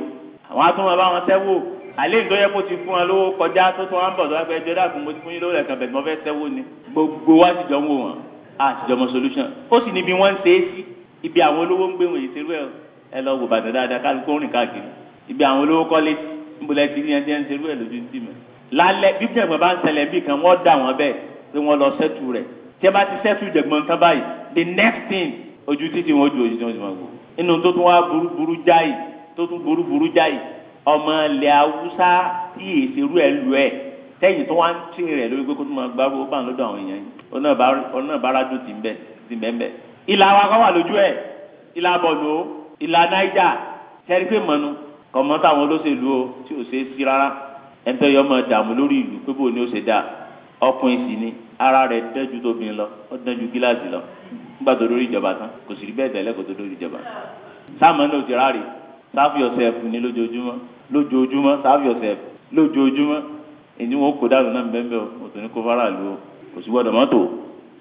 àwọn atúmọ̀ bá wọn sẹ́wọ́ àlẹ́ ìtọ́yẹ kó ti fún wa lówó kọjá tó tún wọn bọ̀ tó wọn fẹ́ jọ dáàbò mo ti fún yín lówó ẹ̀kan bẹ̀rẹ̀ mo fẹ́ sẹ́wó ni gbogbo wa ti jọ ń wò wọ́n a ti jọ mọ solution ó sì níbi wọ́n ń ṣe é sí ibi àwọn olówó ń gbé wọ̀nyí ṣerú ẹ̀ ẹ lọ wò bàtà dáadáa kálukó rìn káàkiri ibi àwọn olówó kọ́lé nbọ̀lẹ́ ti ní ẹni ṣerú ẹ̀ lójú ti mọ̀ lálẹ́ bí jẹ̀gbọ́n bá ń ṣẹlẹ̀ bí kan wọ́n dà wọ́n bẹ́ẹ̀ pé wọ́n lọ sẹ́tù rẹ̀ tí ẹ bá ti sẹ́tù jẹ̀gbọ́n tán báyìí the next thing ojú títì wọn ju ojú tí wọ́n ti mọ̀ gbò inú tó tún wá burú burú jáì tó ọmọ ilẹ̀ haúsá tí èsèrú ẹ̀ lù ẹ̀ tẹ́yìn tó wá ń tì rẹ̀ lórí pé kó tó máa gbárù ó bà ń lọ́dọ̀ àwọn èèyàn yìí ọ̀nà ìbáradù ti ń bẹ ti ń bẹ ń bẹ. ìlà wa kọ́ wà lójú ẹ̀ ìlà bọ̀dọ̀ ìlà náíjà tẹ́rí pé mọ̀nù kọ̀mọ́ táwọn olóṣèlú o tí ò ṣeé sí rárá ẹ̀ńtọ́ yọ ọmọ dààmú lórí ìlú pé bóun ni ó ṣe dáa ọkùnrin sì ni ara rẹ̀ dẹ́jú tóbin lọ ó dẹ́jú gíláàsì lọ nígbà tó lórí ìjọba tán kò sì rí bẹ́ẹ̀ tẹ́lẹ̀ kó tó lórí ìjọba sáà mọ́ náà ti rárẹ̀ serve yourself ní lójoojúmọ́ lójoojúmọ́ serve yourself lójoojúmọ́ èyí wọn kó dànù náà bẹ́ẹ̀ bẹ́ẹ̀ o tò ní kó fara lu o kò sí gbọ́dọ̀ mọ́tò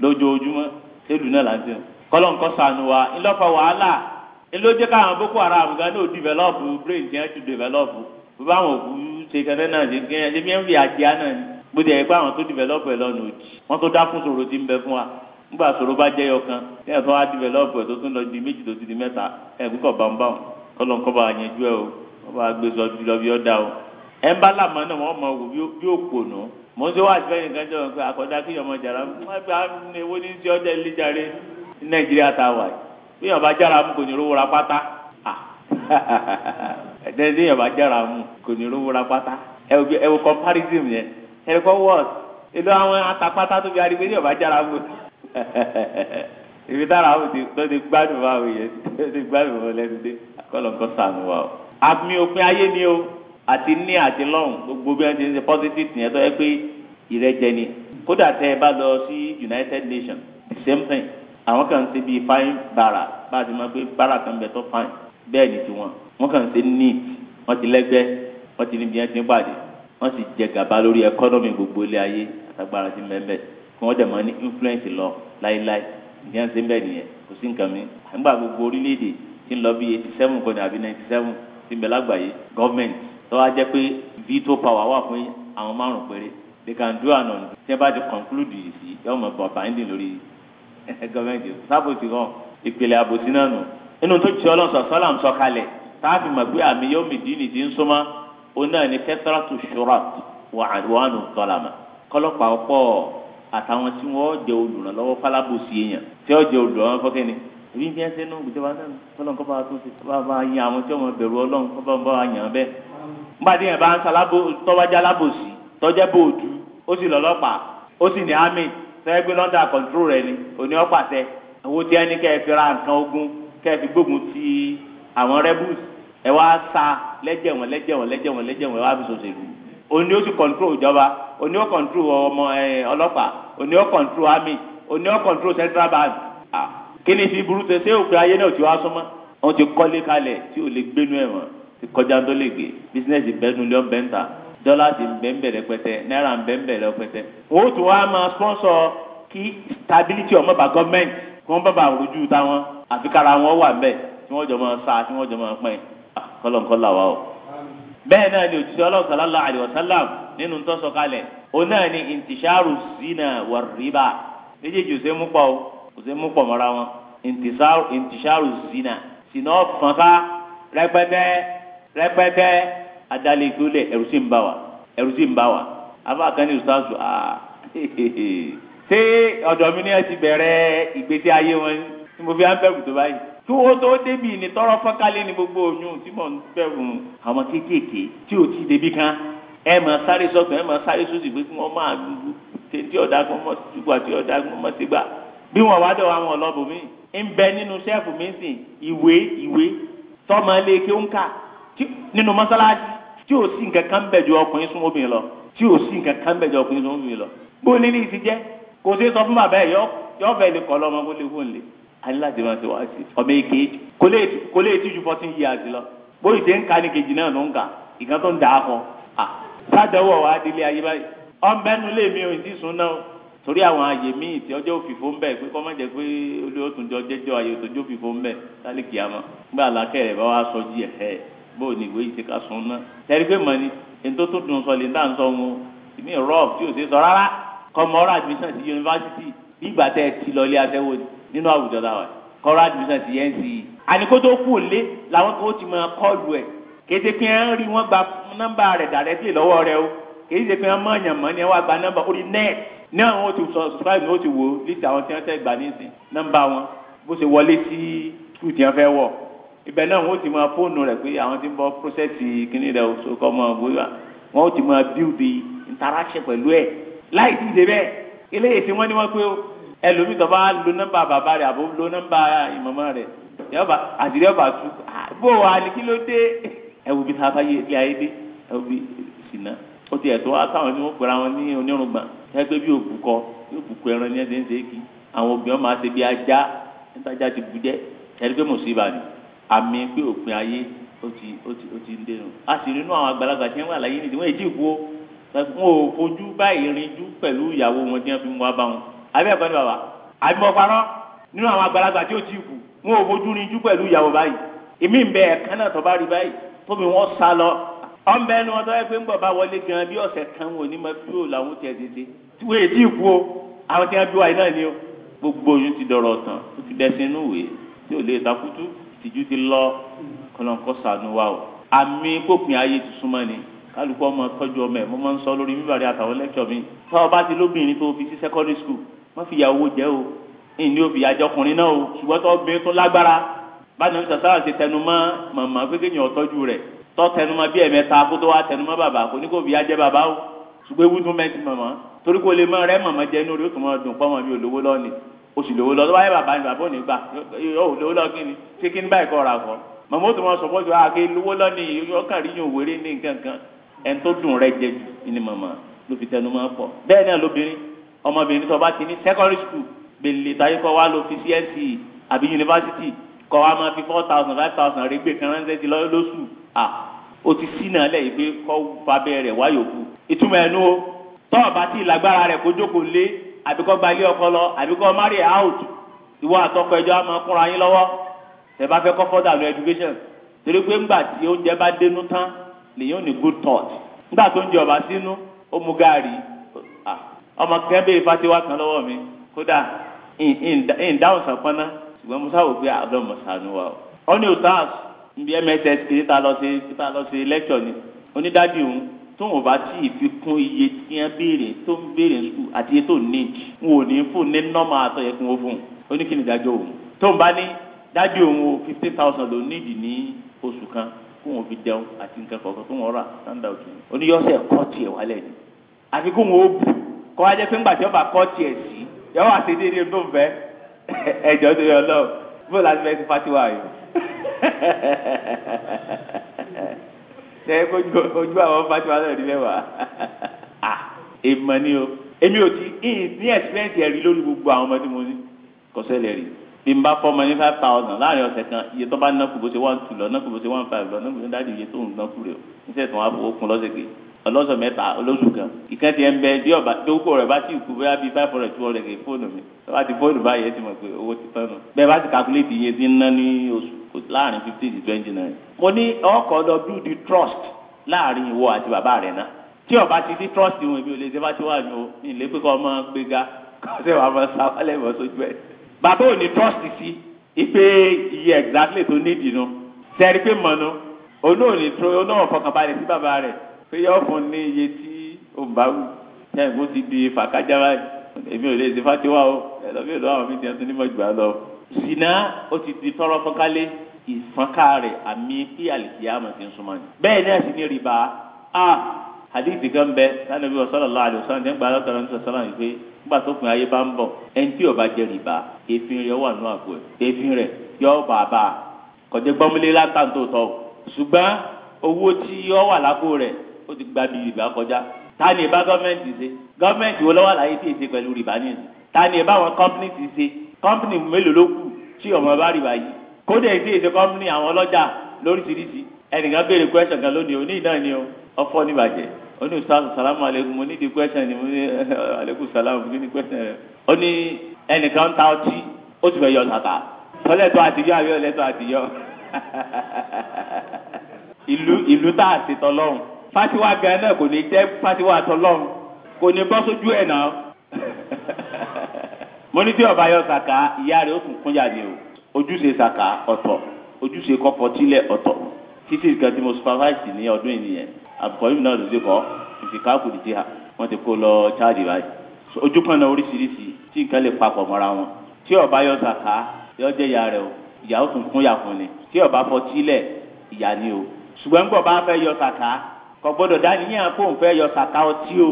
lójoojúmọ́ sẹ́lù náà láti hàn kọ́lọ́ nǹkan sànù wa ńlọ́fà wàhálà ńlọ́jẹ́ káwọn boko haram gan ní o develop brain jẹ́ to develop bó bá wọn kú ṣe kẹ́kẹ́ náà ṣe kẹ́ ẹ́ ṣe fi àjíá náà ni bó ti yẹ pé àwọn tó develop ẹ̀ lọ́nà òdì wọ́n tó dákún sòrò ti ń bẹ fún wa nígbà sòrò bá jẹyọ kan ẹ̀ tó wá develop ẹ̀ tó tún lọ di méjì tó ti di mẹ́ta ẹ̀ kúkọ̀ bámbáwọn Ọlọ́run kó bá yanjú ẹ o kó bá gbé sọ jùlọ bí ọdà o ẹ bá làmọ náà wọn mọ wò bí òpò nù mọ ń sọ wá àti fẹyìn kan jọ pé àkọjá kí ọmọ jàrá wọn pé àwọn ewo ní ti ọdẹ ilé ní Nàìjíríà tá a wà yìí bí yàn bá jára mu kò ní rówó ra pátá ẹdẹ bí yàn bá jára mu kò ní rówó ra pátá ẹ wò comparison yẹn ẹ kọ wọs èlò àwọn atapátá tó fi ariwo bí yàn bá jára mu. ibi tára ó ti tó ti gbádùn wa òye tó ti gbádùn wa lẹ́nu dé akọ́lọ́kọ́ sànù wa o. àmì òpin ayé ni o àti ní àti lọ́rùn gbogbo bí wọ́n ti ń ṣe positive yẹn tó yẹ pé ìrẹ́jẹ ni kódà tẹ ẹ bá lọ sí United Nations the same thing àwọn kan ṣe bíi fine bara bá a ti máa pé bara kan bẹ tó fine bẹ́ẹ̀ ni tiwọn wọ́n kàn ṣe neat wọ́n ti lẹ́gbẹ́ wọ́n ti níbi yẹn ti ń pàdé wọ́n sì jẹ gàba lórí ẹkọ́nọ́mì gbogbo ilé ayé àtàgbára ti mẹ́mẹ́ kí wọ́n dẹ̀ máa ní influence lọ láéláé ìdí ẹ̀sìn bẹ́ẹ̀ nìyẹn kò sí nǹkan mi nígbà gbogbo orílẹ̀-èdè ti ń lọ bí eighty seven kọ́ni àbí ninety seven ti ń bẹ lágbàáyé gọ́ọ̀mẹ̀ntì tó wá jẹ́ pé veto power wà fún àwọn márùn péré they can do and undo tí wọ́n bá ti conclude yìí sí yọ ọmọ bọ̀ binding lórí gọ́ọ̀mẹ̀ntì sábò ti hàn ìpìlẹ̀ àbòsí náà nù inú tó ti ọlọ́sọ̀ sọ́làm sọ kalẹ̀ táàfin mọ̀ pé àmì yóò mi dín ní ti ń súnmọ́ òun náà ni kẹ́tàrà tó wà àdúrà nù tọ́làmà kọ́lọ́pàá pọ̀ àtàwọn tí wọ́n jẹ́ olùrànlọ́wọ́ falábòsí èèyàn tí wọ́n jẹ́ olùrànlọ́wọ́ fọ́kẹ́ni èmi bí ẹ ṣe nù ìjọba náà fọlọ́n kọ́ bá wa tún ṣe bá wa yan àwọn tí wọ́n bẹ̀rù ọlọ́run kọ́ bá wa yàn bẹ́ẹ̀. nígbà tí yẹn bá ń salábò tọ́wájà lábòsí tọ́jẹ́ bòódù ó sì lọ́lọ́pàá ó sì ní àmì fẹ́ẹ́ gbé lọ́ndà kọ̀ǹtró rẹ̀ ni òní ọ̀pàṣẹ owó tí ẹni kẹ́ ẹ fi ra nǹkan ogun kẹ́ ẹ fi gbógun ti àwọn rẹ́bùs ẹ wá sa lẹ́jẹ̀ wọn lẹ́jẹ̀ wọn lẹ́jẹ̀ wọn ẹ wá fi ṣòṣèlú òní ó sì control ìjọba òní o control ọmọ ọlọ́pàá òní ó control army òní ó control central bank kí ni fi burú tẹ ṣé òpin ayé náà ti wá súnmọ́ wọ́n ti kọ́lé kalẹ̀ tí o lè gbénu ẹ̀ wọ́n ti kọjá tó lè gbé bísínẹ́sì bẹ́nu lé ọ̀bẹ ńta dọ́là ti ń bẹ́ ń bẹ̀rẹ̀ pẹ́tẹ́ náírà ń bẹ́ ń bẹ̀rẹ̀ pẹ́tẹ́. o ó tún wá máa sponsor kí stability ọmọ bá gọ́ọ̀mẹ̀ntì kí wọ́n bá bá rojú táwọn àfikára wọn wà bẹ́ẹ̀ tí wọ́n jọ máa sa tí wọ́n jọ máa pẹ́ kọ́lọ̀ńkọ́lá wa o bẹ́ẹ̀ náà ni òjíṣẹ́ ọlọ́run sallallahu alayhi wa sallam nínú tó sọ kalẹ̀ o náà ni intisharu zina wa riba méjèèjì ò ṣe mú pọ̀ ò ṣe mú pọ̀ mọ́ra wọn intisharu zina sìnà fọ́nká rẹpẹtẹ rẹpẹtẹ adalẹ̀ ìgbélé ẹ̀rù ń bá wa ẹ̀rù sì ń bá wa abáàkan ní ìsúlásù aa ṣé ọ̀dọ̀ mi ni ẹ ti bẹ̀rẹ̀ ìgbésí ayé wọn ni mo fi á ń bẹ̀rù tó báyìí tí owó tó débì ní tọrọ fọ́nkálẹ̀ ní gbogbo oyún tí mò ń bẹ̀rù àwọn kéékèèké tí ò ti débì kan ẹ mọ̀ sáré sọ́tún ẹ mọ̀ sáré sósì pé kí wọ́n máa dúró tí ọ̀dà kan mọ̀ tìgbà tí ọ̀dà kan mọ̀ tìgbà bí wọ́n wá dọ̀wọ́ àwọn ọlọ́bùnmí ń bẹ nínú sẹ́ẹ̀fù mi sìn ìwé ìwé tọ́mọ ilé kí ó ń kà nínú mọ́sálásí tí ò sí nǹkan kan bẹ̀ ju ọkùnrin sún obìnrin lọ tí ò sí nǹkan kan bẹ̀ ju ọkùnrin sún obìnrin lọ bó nílé ìsijẹ́ kò sí sọ fún bàbá ẹ̀ yọ ọ̀fẹ́ lè kọ́ lọ́mọ kó lè fóun a ní láti rántí wá sí ọmọ èké kò lè tíjú fourteen years lọ bóyì tẹ́ ń ka ní kejì náà ló ń kà ìkan tó ń dà á kọ sádọ́wọ́ wa délé ayé báyìí ọ̀nbẹ́nu lè mi ò ti sùn náà torí àwọn àyè míì tí ọjọ́ òfìfo ń bẹ̀ pé kọ́ má jẹ́ pé olóòtúnjọ jẹ́jọ́ àyè òtòjọ́ òfìfo ń bẹ̀ lálẹ́kì àmọ́ gbé àlàkẹ́ rẹ̀ bá wa sọ jí ẹ̀ bóò ní ìwé ìṣèkà sùn náà tẹ́rí pé mọ̀ ni èyí tó tún dùn sọ lè dá ń sọ wọn ìmí rọ́ọ̀bù tí ò ṣe sọ rárá kọ́ mọ́ admission sí yunifásitì bí ìgbà tẹ́ ẹ ti lọ ilé aṣẹ́wó ni nínú àwùjọ dáwà kọ́ra admission ti yẹn sí i. E. àníkótó kù lé làwọn kan ó ti máa kọ́ọ̀lù ẹ̀ kété pé ń rí wọn gba nọ́mbà rẹ̀ directly lọ́wọ́ rẹ o kìí ṣe pé wọn mọ èèyàn mọ ni wọn gba nọ́mbà orí nẹẹtì ní àwọn ó ti subscribe ní ó ti wò ó lítì àwọn tí wọn tẹ gbà nísìn nọ́mbà wọn bó ṣe wọlé sí skul tí wọn fẹ́ wọ̀ ibẹ̀ náà wọn ó ti máa fóònù rẹ̀ pé àwọn tí ń bọ prọsẹsì kìnìún rẹ̀ oṣù kọ mọ bóyá wọn ó ti máa build interaction pẹ̀lú ẹ̀ láì sí ìdè bẹ́ẹ̀ eléyìí tí wọn ní wọn pé ẹlòmíì tó bá lo nọ́mbà bàbá rẹ̀ àbò lo nọ́mbà ìmọ̀mọ́ rẹ̀ yọba àdìrí ọba tú ah, bó wa ni kí ló dé ẹwù bí sábà yé ilé ayé dé ẹwù bí sìnà ó ti ẹ̀tọ́ wá sáwọn tí wọ́n pera wọn ní onírúgba ẹgbẹ́ bí òkú kọ òkú kọ ẹran ní ẹsẹ̀ ń kí àwọn obìnrin máa ṣe bí ajá níta ajá ti bu jẹ́ ẹni pé mùsùlùmí ni àmì pé òpin ayé ó ti ó ti ó ti ń dénú a sì rí inú àwọn àgbàlagbà tí wọ́n wà láyé nìdí wọ́n èjì ìkú ó wọn ò fojú báyìí rinjú pẹ̀lú ìyàwó wọn tí wọ́n fi mú wá bá wọn àbí ẹ̀kọ́ ni bàbá àbí mo parọ́ nínú àwọn àgbàlagbà tí ó ti kù wọn ò bójú rinjú pẹ̀lú ìyàwó báyìí èmi ń bẹ ẹ̀kan náà tó bá rí báyìí tóbi wọn sá lọ ọ̀nbẹ ni wọn tọ́wọ́ pé ń bọ̀ bá wọlé gan bí ọ̀sẹ̀ kan wọn ò ní máa fi yóò làwọn tẹ̀ dédé tí wọ́n èdè ìkú o àwọn tí wọ́n bí wáyé náà ni o gbogbo oyún ti dọ̀rọ̀ tán ó ti dẹ́sẹ̀ inú ìwé tí ò lè takutu ìtìjú ti lọ kọlọ́nkọ́ sànú wa o àmì pópin ayé ti súnmọ́ ni kálukú ọmọ tọ́jú ọmọ ẹ̀ mo máa ń sọ lórí bíbárí wọ́n fi ìyàwó jẹ o ìní òfì àjọkùnrin náà o ṣùgbọ́n tó bẹ tó lágbára báyìí nípa sáà ṣe tẹnumọ́ màmá pé kéèyàn tọ́jú rẹ̀ tọ́ tẹnumọ́ bí ẹ̀mẹ́ta kó tó wá tẹnumọ́ bàbá kò ní kó fi ajẹ́ bàbá o ṣùgbọ́n ewu tún mẹ́tì màmá torí kó lè mọ rẹ màmá jẹ inú rẹ ó tún mọ dùn pọ́nmọ́ mi ò lówó lọ́ọ̀nì o sì lówó lọ́ọ́ báyìí bàbá ni bàbá ò ní gbà yóò lówó lọ́ọ́ kí ni ṣé kí ni báyìí kọ́ ra kọ́ màmá ó tún mọ sọ̀pọ̀ ju àgé lówó lọ́ọ̀nì ọkàn rí yóò wéré ní nǹkan ẹni tó dùn rẹ jẹ jù ni màmá ló fi tẹnumọ́ pọ̀ bẹ́ẹ̀ náà lóbìnrin ọmọbìnrin tó bá ti ní secondary school gbèlè táyé kọ́ wá lọ fi CNC e àbí yunifásitì kọ́ wá máa fi four thousand five thousand rẹ̀ gbé kan ránṣẹ́ ti lọ́sù à ó ti sí náà lẹ́yìn pé kọ́ fàbẹ́ rẹ̀ wáyò kú ìtumọ̀ ẹ̀nu o tọ́ ọ̀bá tí ìlágbára rẹ̀ kó jókòó lé àbí kọ́ gba ilé ọkọ lọ àbí kọ́ marry out ìwọ àtọkọ ẹjọ́ a máa kúnra yín lọ́wọ́ tẹ́ bá fẹ́ kọ́ further lọ education torí pé ńgbà tí oúnjẹ bá dénú tán lèyìn ò ní good thought ńgbà tó ń jẹ ọ̀bá sínú ó mu gaari ọmọ kẹ́kẹ́ bẹ́ẹ̀ fatiwa kan lọ́wọ́ mi kódà ìdáhùn sàpọ́nà ṣùgbọ́n musa wò pé àbúrò musa ni wa o. ó ní utahs nbí mss kì í ta lọ sí ta lọ sí lẹ́kṣọ̀ ni onídàájú òun tó wọn bá tí ì fi kún iye tí wọn béèrè tó ń béèrè sùn àti iye tó ní wọn ò ní fún ní nọ́mà àtọ̀yẹ kún wọn fún un ó ní kí ni dájọ́ òun tó ń bá ní dájú òun o fifteen thousand ló nídìí ní oṣù kan kó wọn fi dẹun àti nǹkan kọ̀ọ̀kan kó wọn rà sáńdà òtún oníyọ́sẹ̀ kọ́ọ̀tì ẹ̀ wálẹ̀ ni àfi kó wọn ó bù kọ́ wá jẹ́ pé ńgbà tí ọba kọ́ tiẹ̀ sí yọ wá sí déédéé tó fẹ́ ẹjọ́ tó yọ lọ bó láti fẹ́ ti fatiwa yìí. ṣe é kojú ojú àwọn fatiwa náà rí mẹ́wàá ah èèmọ̀ ni o èmi ò ti ní ẹ̀sìpẹ́ǹtì ẹ̀rí lórí gbogbo àwọn ọmọ tí mo ní kò ṣẹlẹ̀ rí bí n bá fọmọ ní five thousand láàrin ọ̀sẹ̀ kan iye tó bá ná kù bó ṣe one two lọ ná kù bó ṣe one five lọ ná kù bó ṣe dájú iye tó ń ná kù rẹ̀ o níṣẹ́ tí wọ́n á fowó kún lọ́sẹ̀ kejì ọlọ́sọ̀ mẹ́ta olóṣù kan ìkan tiẹ̀ ń bẹ bí ọba tó kó rẹ̀ bá ti kú bóyá bíi five hundred two hundred kì í fóònù mi bá ti fóònù báyìí ẹ ti mọ̀ pé owó ti tọ́nu bẹ́ẹ̀ bá ti calculate iye tí ń ná ní oṣù láàrin fifteen to twenty nine. mo ní ọkọ̀ ọ̀dọ̀ build the trust láàrin ìwọ àti bàbá rẹ̀ náà tí ọba ti ní trust wọn ibi olè ṣe bá ti wà ní o ní ilé pé kọ́ ọmọ gbéga kọ́sẹ̀ wà máa sá wálẹ̀ ìwọ sójú ẹ̀. bàbá ò ní trust sí ipe iye exactly tó nídìí nu sẹ́ẹ̀rí pé mọ̀nà onóòní tó onóòfọkànbalẹ̀ sí bàbá rẹ̀ pé yóò fún ní iye tí ó bá wù ní àìkú ti di fàkájà báyìí èmi ò lè ṣe fatiwa o ẹlọ́bí ìlú àwọn mídìí ẹ̀sìn nímọ̀ ìgbà lọ. ṣìnà ó ti di tọrọ fọkálé ìfọ́nká rẹ̀ àmì kí àlìkìyàmọ̀ ti ń súnmọ́ ni. bẹ́ẹ̀ náà sì rìbá a hadithi kan bẹ sanabi wa sallallahu alayhi wa sallam ní gbàdá tọrọ ní sọsọlá yìí pé nígbà tó kun ayé bá ń bọ̀ ẹni tí ó bá jẹ rìbá èéfín rẹ̀ wà nù àgbo ẹ̀ èéfín rẹ̀ yọ bàbà kọjá gbọmúlé látàntò tọ ṣùgbọ́n owó tí yọ wà lápò rẹ̀ ó ti gba bí rìbá kọjá ta ni ẹ bá gọ́ọ̀mẹ̀ntì ṣe gọ́ọ̀mẹ̀ntì wo lọ́wọ́ àlàyé tí èsì pẹ̀lú rìbá ní ẹ̀sìn ta ni ẹ bá wọn kọ́mpìnì ti ṣe kọ́mpìnì mélòó ló kù tí ọmọ bá rìbá yìí kódà èsì èsì kọ́mpìnì àwọn ọlọ́jà lóríṣiríṣi ẹnìkan béèrè question kan lónìí òní náà ni ọfọ níbàjẹ́ òní ustaz salamu aleykum mo ní di question ni mo ní aleykum salamu mo ní di question rẹ òní ẹnìkan ń ta ọtí ó ti fẹ́ yọ tàtà tọ́lẹ̀tọ́ ìlú tá a ṣètọ́ lọ́hùn fásiwá gan náà kò ní jẹ́ fásiwá tọlọ́run kò ní bọ́ sójú ẹ̀ náà mo ní tí ọba yọ sàkà ìyá rẹ̀ ó tún kún jáde o ojúṣe sàkà ọ̀tọ̀ ojúṣe kọ́pọ̀ tílẹ̀ ọ̀tọ̀ títí kan tí mo supervise ní ọdún ìnìyẹn àbùkọ́yìn náà ló dé kọ́ ìfìkà kò dìde ha wọ́n ti kó lọ cháàdì báyìí ojú kan náà oríṣiríṣi tí nǹkan lè papọ̀ mọ́ra wọn tí ọba yọ sàkà yọ jẹ́ ìyá rẹ̀ o ìyá ó tún kún yà fún ni tí ọba fọ tílẹ̀ ìyá ni o ṣùgbọ́n gbọ̀ bá fẹ́ yọ sàkà kò gbọ́dọ̀ dáníyàn kó n yọ sàkà ọtí o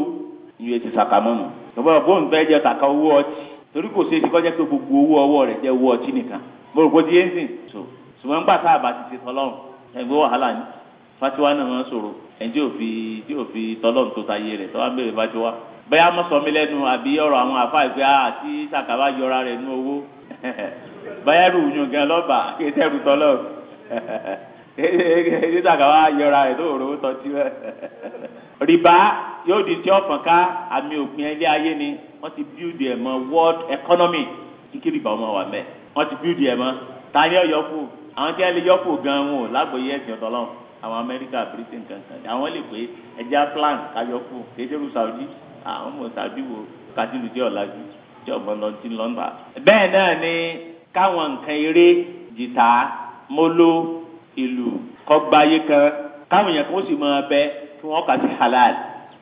ìwé ti sàkà mọ́nu kò gbọ́dọ̀ bó n fẹ́ yọ sàkà owó ọtí torí kò ṣeé ti kọjá pé gbogbo owó ọwọ́ rẹ̀ jẹ́ owó ọtí nìkan mo rò pé ti yéé sìn so ṣùgbọ́n nígbà tá a bá ti ti tọ́lọ́run ẹgbẹ́ wàhálà ni fatiwa náà wọ́n sọ̀rọ̀ ẹni tí ò fi tí ò fi tọ́lọ́run tó ta yé rẹ̀ tọ́wá béèrè fatiwa bẹ́ẹ̀ á mọ̀ sọ mí lẹ́nu àbí ọ̀rọ̀ àwọn àfa ah, ìpè àti sàkàbà yọra rẹ̀ nú owó báyà rù yùn gan lọ́ba kí ẹ tẹ́rù èdè tàgà wá yọra rẹ̀ tó rò ó tọ́jú ẹ̀ rìbá yóò di tí ọ̀fọ̀n ká àmì òpin ilé ayé ni wọ́n ti build ẹ̀ mọ́ world economy kíkí rìbá ọmọ wà mẹ́ wọ́n ti build ẹ̀ mọ́ ta ni ọ̀yọ́ kù àwọn tí wọ́n lè yọ́ kù gan-an wọn ò lágbóyè ẹ̀sìn ọ̀tọ̀lọ́wọ́ àwọn Amẹ́ríkà Britain kankan àwọn lè pé ẹja plan káyọ́ kù kéjọ́rù Saudi àwọn ọmọ Saudi wo katilu tí ọ̀làjú tí ọmọ lọ sí London. bẹ́ẹ̀ náà ni káwọn nǹkan eré jìtá móló ìlú kọgbà ayé kan káwọn èèyàn kan ó sì máa bẹ kí wọ́n kà sí halal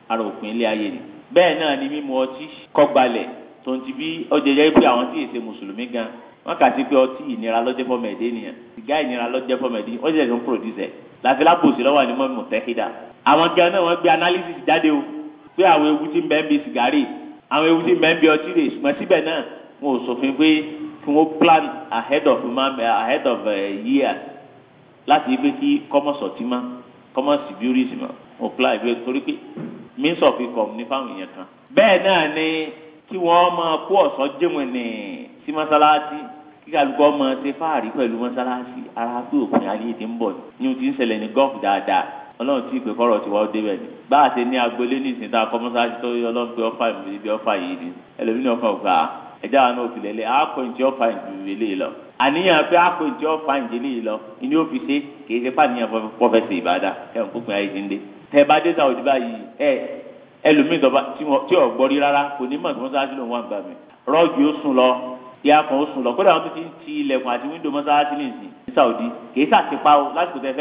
ara òfin ilé ayé ni bẹ́ẹ̀ náà ni mímu ọtí kọgbalẹ̀ tó ń ti bí ọjẹjẹ pé àwọn tí èsè mùsùlùmí gan wọ́n kà sí pé ọtí ìnira lọ́jẹ́ fọmẹ̀dé nìyẹn sìgá ìnira lọ́jẹ́ fọmẹ̀dé ó sì ṣẹ̀ṣẹ̀ ń pòròdúsẹ̀ láfi lábòsí lọ́wọ́ àní mọ́mí mùtẹ́hídà àwọn gan náà wọ́n gbé analysis jáde o pé àwọn ewu tí ń bẹ ń bi sìgárì àwọn ewu tí ń bẹ ń bi ọtí rè ṣùgbọ́n síbẹ̀ náà wọn ò sòfin pé kí wọ́n plan ahead of man ahead of uh, eh, years láti ibi kí kọ́mọ̀sọ̀ ti má kọ́mọ̀sì bíórìsì má mo pla ìwé torí pé means of income ní fáwọn èèyàn kan. bẹ́ẹ̀ náà ni kí wọ́n máa kó ọ̀sán jẹ́wọ̀n ní sí mọ́sálásí kí kálukọ́ máa ṣe fáàrí pẹ̀lú mọ́sálásí ara pé òpin ayé ti ń bọ̀ ní ohun tí ń ṣẹlẹ̀ ní gọ́ọ̀fù dáadáa ọlọ́run tí ìpè kọ́rọ̀ ti wá ó débẹ̀ ni bá a ṣe ní agboolé ní ìsìn tá a kọ́ mọ́sálásí tó yọ ọlọ́run pé ọ́fà ìmọ̀ ibi ọ́fà yìí ni ẹlòmínú ọ̀fà òkà ẹ̀dá àwọn òfìlẹ̀lẹ̀ àákọ́yìn tí ọ́fà ìmọ̀ ibi lè lọ àníyàn pé àpèjọ fàǹjẹlì yìí lọ ìní òfìsè kì í ṣe pàníyàn pọfẹsì ìbàdà ẹ̀hún pópin ayé ti ń dé tẹ bá dé sáwọ́dì báyìí ẹ ẹlòmíì tó bá tí ò gbọ́ rí rárá kò ní mọ̀ tí wọ́n sáájú lòun wà ń gbà mí rọ́ọ̀gì ó sùn lọ ìyá kan ó sùn lọ kódà wọn tó ti ń ti ilẹ̀kùn àti wíńdò mọ́sáájú lè sìn ní sáwọ́dì kì í sàtìpá o lásìkò tẹ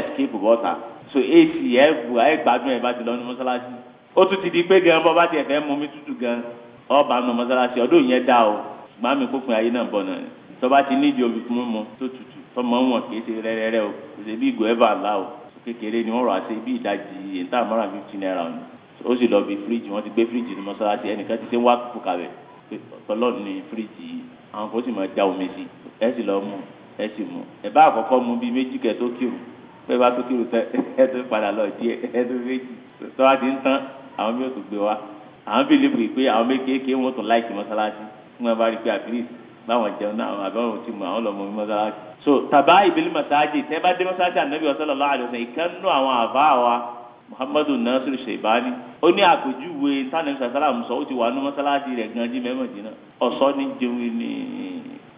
escape bọ́ta so ac ẹ̀ bù ẹ̀ gbádùn ẹ̀ bá ti lọ ní mọ́sálásí ó tún ti di pé gan bọ́ bá tiẹ̀ fẹ́ mú mi tútù gan ọba nù mọ́sálásí ọdún yẹn dá o màámi kófin ayé náà bọ̀ náà ni tọ́ba ti nídìí omi fún mímu tó tutù tọmọ wọn kì í ṣe rẹ́rẹ́rẹ́ o kò ṣe bí ìgò ẹ̀fà ńlá o kékeré ni wọ́n rọ̀ àti bí ìdajì ètò àmọ́ràn fifty naira ni ó sì lọ bí fíríjì wọ́n ti gbé fíríjì ní mọ́ṣáláṣí ẹnìkan ti ṣe wá kúkú kalẹ̀ tọ́lọ́ọ̀nù ni fíríjì yìí àwọn kò sì máa já omi sí ẹ sì lọ mú ẹ sì mú ẹ bá àkọ́kọ́ mu bíi méjì kẹ tó kírun pé bá tó kírun tẹ ẹ tó padà lọ díẹ̀ ẹ tó méjì tọ́wá ti ń tán àwọn bí ó tún gbé wa àwọn bí lè pè pé àwọn méjèèké wọn tún láìsí mọ́ṣáláṣí tí wọ́n bá rí pé at least báwọn jẹun náà àwọn àbẹ̀wò ti mọ àwọn lọ́mọ mi mọ́sálásí. so tàbá ìbílí mọ́sáájì tẹ́ bá dé mọ́sáájì ànábì sallallahu alaihi wasallam ìkànnú àwọn àbá wa muhammadu nasiru shaibani ó ní àpèjúwe sanamu sasalam sọ ó ti wà ní mọ́sálásí rẹ̀ gan jí mẹ́mọ̀dínà ọ̀sọ́ ní jẹun ní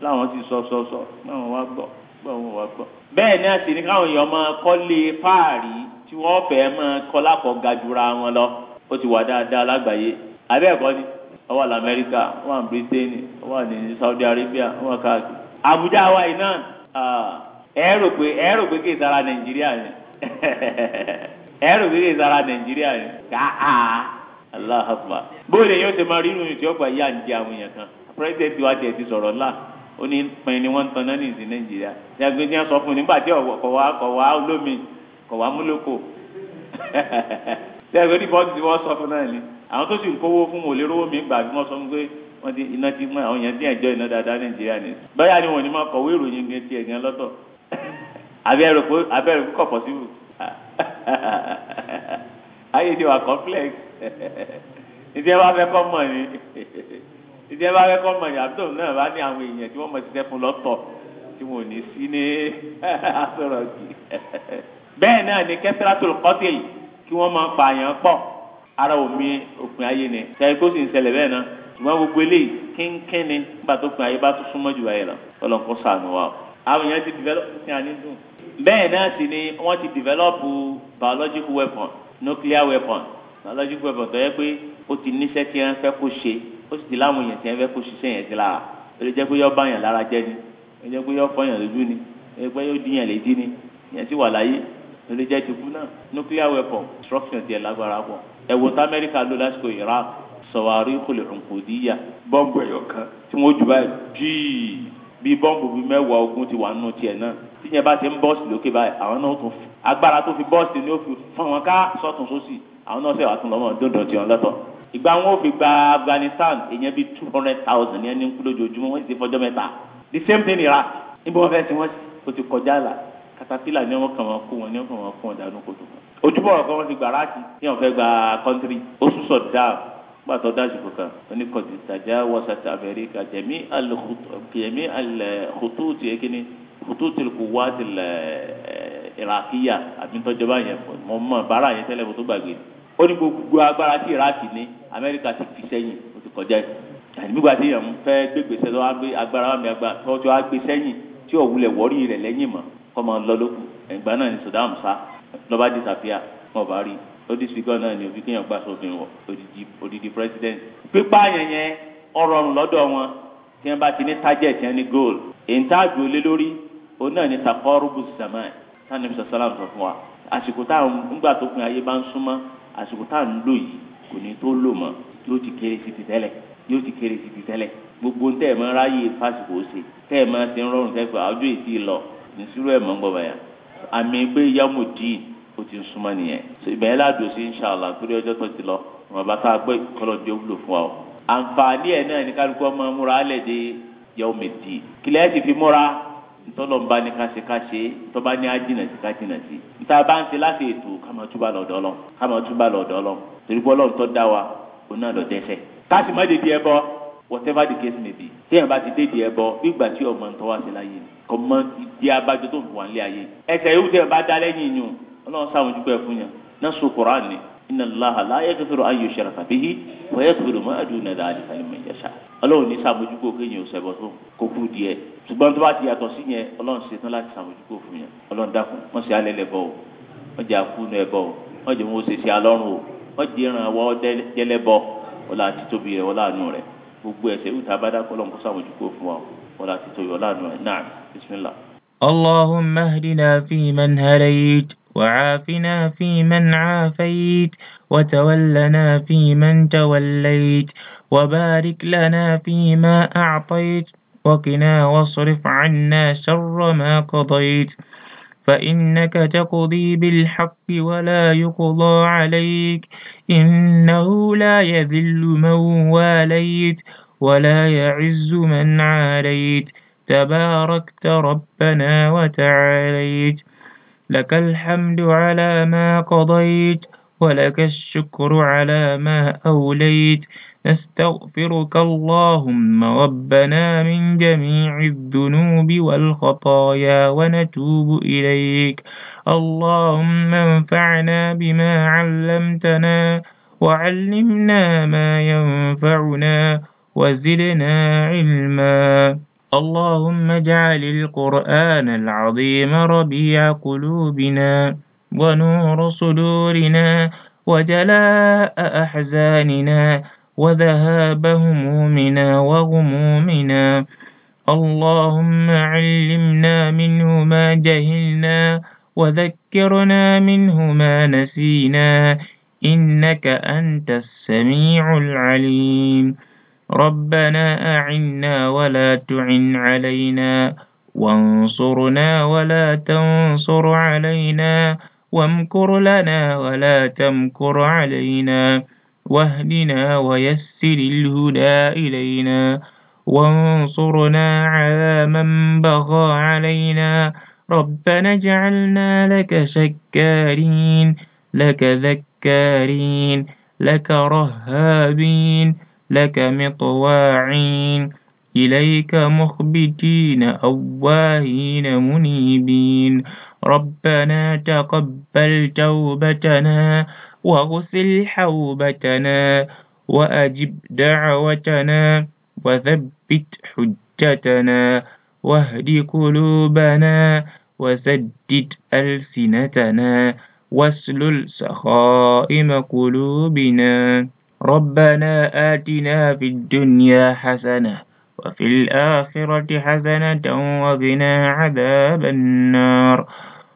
láwọn ti sọ sọ sọ báwọn wá gbọ́ báwọn wá gbọ́. bẹ́ẹ̀ ni àti ní káwọn èèyàn máa kọ́lé páàrí tí wọ́n fẹ́ máa kọ́ lápọ̀ gajura wọn lọ ó ti wà dáadáa ni ó wà lamẹ́ríkà ó wà bírítéènì Saudi Arabia ó káàkiri abuja wa yìí náà ẹ pé ẹ pé kì sara Nàìjíríà yẹn ẹ pé kì sara Nàìjíríà yẹn káà Allahu bóyá yóò ṣe máa rí irun tí yá ń jẹ àwọn èèyàn kan wa tiẹ̀ ti sọ̀rọ̀ ńlá ó ní pin ni wọ́n tan náà ní Nàìjíríà yàgbé àwọn tó sì ń kówó fún wọn ò lè rówó mi gbà bí wọ́n sọ pé wọ́n ti iná ti mú àwọn yẹn dín ẹjọ́ iná dáadáa nàìjíríà ni báyà ni wọ́n ní máa kọ̀wé ìròyìn gan tiẹ̀ gan lọ́tọ̀ abẹ́rẹ́ kò pọ̀ síbù ayé ti wà complex ìdí ẹ bá fẹ́ kọ́ mọ̀ ni ìdí ẹ bá fẹ́ kọ́ mọ̀ ni àbúrò náà bá ní àwọn èèyàn tí wọ́n mọ̀ ṣiṣẹ́ fún lọ́tọ̀ tí wọn ò ní sí ní asọ̀rọ̀ sí bẹ́ẹ̀ náà ni kẹ́sìrátò kọ́tìlì kí wọ́n máa pààyàn pọ̀ ara omi òpin ayé ni ṣáà kó sì ń ṣẹlẹ̀ bẹ́ẹ̀ náà ṣùgbọ́n gbogbo eléyìí kínkín ni nígbà tó pin ayé bá tún súnmọ́ jù báyìí lọ ọlọ́nkọ́ sànù wa o. àwọn èèyàn ti develop ní ànídùn bẹ́ẹ̀ náà sì ni wọ́n ti develop biological weapon nuclear weapon biological weapon tó yẹ pé ó ti níṣẹ́ tí wọ́n fẹ́ kó ṣe ó sì ti láwọn èèyàn tí wọ́n fẹ́ kó ṣiṣẹ́ yẹn sí lára ó lè jẹ́ pé yọ báyàn lára jẹ́ ni ó lè jẹ́ pé yọ fọyàn lójú ni ó lè jẹ́ pé yọ díyàn létí ni ìyẹn sì wà láyé ó lè jẹ́ ti kú náà nuclear weapon destruction tiẹ̀ lágbára pọ̀ ẹ̀wọ̀n tá amẹ́ríkà ló lásìkò iraq sọ̀wárí kòlẹ̀ òǹkòdíyà bọ́ǹbù ẹ̀yọ̀ kan tí wọ́n jù báyìí jíì bí bọ́ǹbù bíi mẹ́wàá ogun ti wà nínú tiẹ̀ náà tíyẹn bá ti ń bọ́ọ̀sì lókè báyìí àwọn náà tún agbára tó fi bọ́ọ̀sì ni ó fi fún wọn ká sọ́tún sósì àwọn náà sẹ̀wá tún lọ́mọ dòdò tí wọn lọ́tọ̀ ìgbà wọn ò fi gba afghanistan èyàn bíi two hundred thousand ní ẹni lójoojúmọ́ wọ́n sì fọjọ́ mẹ́ta the same thing iraq níbo wọn fẹ́ tí wọ́n ti kọjá là katapila ni wọ́n kàn wọ́n kó wọn ni wọ́n kàn wọ́n kó wọn dànù kòtò kan ojúbọ ọkọ wọn ti gbà láti tí wọn fẹ́ gba kọńtírì ó súsọ dáa gbàtọ dáṣìkò kan oníkọtì tàjà wọsàtì Amẹ́ríkà jẹmí alẹkùtù ti ekini kùtù ti kù wá ti lẹ ìràkíyà àbí tọjọba yẹn mọ mọ bàárà yẹn tẹ́lẹ̀ mo tó gbàgbé ó ní gbogbo agbára tí ìràkì ní Amẹ́ríkà ti fi sẹ́yìn ó ti kọjá yìí nígbà tí yẹn fẹ́ gbégbèsè lọ agbára wà mí agbára tọjọ agbésẹ́yìn tí òwúlẹ wọrí rẹ lẹ́yìn mọ kọmọ lọ́ba disapia wọn bari. rí ó di sìgá náà ni òbí kéèyàn gbà sófin wọ odidi odidi president pípa yẹn yẹn ọ̀rọ̀ ọ̀run lọ́dọ̀ wọn tí wọn bá ti ní target yẹn ní goal ìntàjò lé lórí òun náà ní takọ́rùbù sàmán sani bisọ sọlá sọ fún wa àsìkò tá à ń gbà tó pin ayé bá ń súnmọ́ àsìkò tá à ń lò yìí kò ní tó lò mọ́ yóò ti kéré sí ti tẹ́lẹ̀ yóò ti kéré sí ti tẹ́lẹ̀ gbogbo ń tẹ̀ ráyè fásitì ó ṣe tẹ́ ẹ̀ ti ń rọrùn tẹ́ pé àwùjọ èsì lọ nísìrò ẹ̀ mọ́ ń gbọ́ àmì pé yẹ́mù díì ó ti ń súnmọ́ nìyẹn so ìbẹ̀yẹn ládùn sí inṣàlá torí ọjọ́ tó ti lọ ìwọ̀nba tá a gbé kọ́lọ̀ dé wúlò fún wa o. àǹfààní ẹ̀ náà ní kálukú ọmọ múra alẹ̀ dé yẹ́mù díì kílẹ̀ ti fi múra ntọ́lọ́mba ni ká ṣe ká ṣe tọ́ba ní ajínà sí ká jìnà sí nta bá ń ṣe láti ètò kàmọ́túbà lọ́dọ̀ ọlọ́run kàmọ́túbà lọ́dọ̀ ọlọ́run torí pé ká sì má dèdí ẹ whatever the case may be tí èèyàn bá ti dédìí ẹbọ gbígbà tí ọmọ ń tọ́wá sí láyé kò mọ ìdí abájọ tó ń fún wa nílé ayé ẹsẹ̀ yóò tẹ̀ bá dá lẹ́yìn yìí ọlọ́run sáwọn ojú pẹ́ fún yàn náà sọ koran ni inna Allaha la yaghfiru an yushraka bihi wa yaghfiru ma duna dhalika liman yasha ọlọ́run ní sàmójúkò kéèyàn ò ṣẹbọ tó kó kú díẹ̀ ṣùgbọ́n tó bá ti yàtọ̀ sí yẹn ọlọ́run ṣetán láti sàmójúkò fún yẹn ọlọ́run dákun wọ́n ṣe alẹ́ lẹ́bọ̀ o wọ́n jẹ́ àkúnú ẹ̀bọ̀ o wọ́n jẹ́ wọn ó ṣe ṣe alọ́run o wọ́n jẹ́ ìrànwọ́ jẹ́lẹ́bọ̀ ọlá àti tóbi rẹ̀ ọlá àánú rẹ̀ gbogbo ẹ̀ṣẹ̀ wù tá a bá dá kọ́ lọ́nkọ́ sáwọn ojúkó fún wa wọn láti tó yọ láàánú ẹ̀ náà bisimilá. اللهم اهدنا فيمن هديت وعافنا فيمن عافيت وتولنا فيمن توليت وبارك لنا فيما أعطيت وقنا واصرف عنا شر ما قضيت فإنك تقضي بالحق ولا يقضى عليك إنه لا يذل من واليت ولا يعز من عاليت تباركت ربنا وتعاليت لك الحمد على ما قضيت ولك الشكر على ما أوليت نستغفرك اللهم ربنا من جميع الذنوب والخطايا ونتوب إليك اللهم انفعنا بما علمتنا وعلمنا ما ينفعنا وزدنا علما اللهم اجعل القرآن العظيم ربيع قلوبنا ونور صدورنا وجلاء أحزاننا وذهاب همومنا وغمومنا اللهم علمنا منه ما جهلنا وذكرنا منه ما نسينا إنك أنت السميع العليم ربنا أعنا ولا تعن علينا وانصرنا ولا تنصر علينا وامكر لنا ولا تمكر علينا واهدنا ويسر الهدى إلينا وانصرنا على من بغى علينا ربنا اجعلنا لك شكارين لك ذكارين لك رهابين لك مطواعين إليك مخبتين أواهين منيبين ربنا تقبل توبتنا واغسل حوبتنا وأجب دعوتنا وثبت حجتنا واهد قلوبنا وسدد ألسنتنا واسلل سخائم قلوبنا ربنا آتنا في الدنيا حسنة وفي الآخرة حسنة وقنا عذاب النار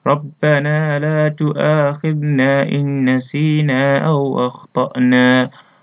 ربنا لا تؤاخذنا إن نسينا أو أخطأنا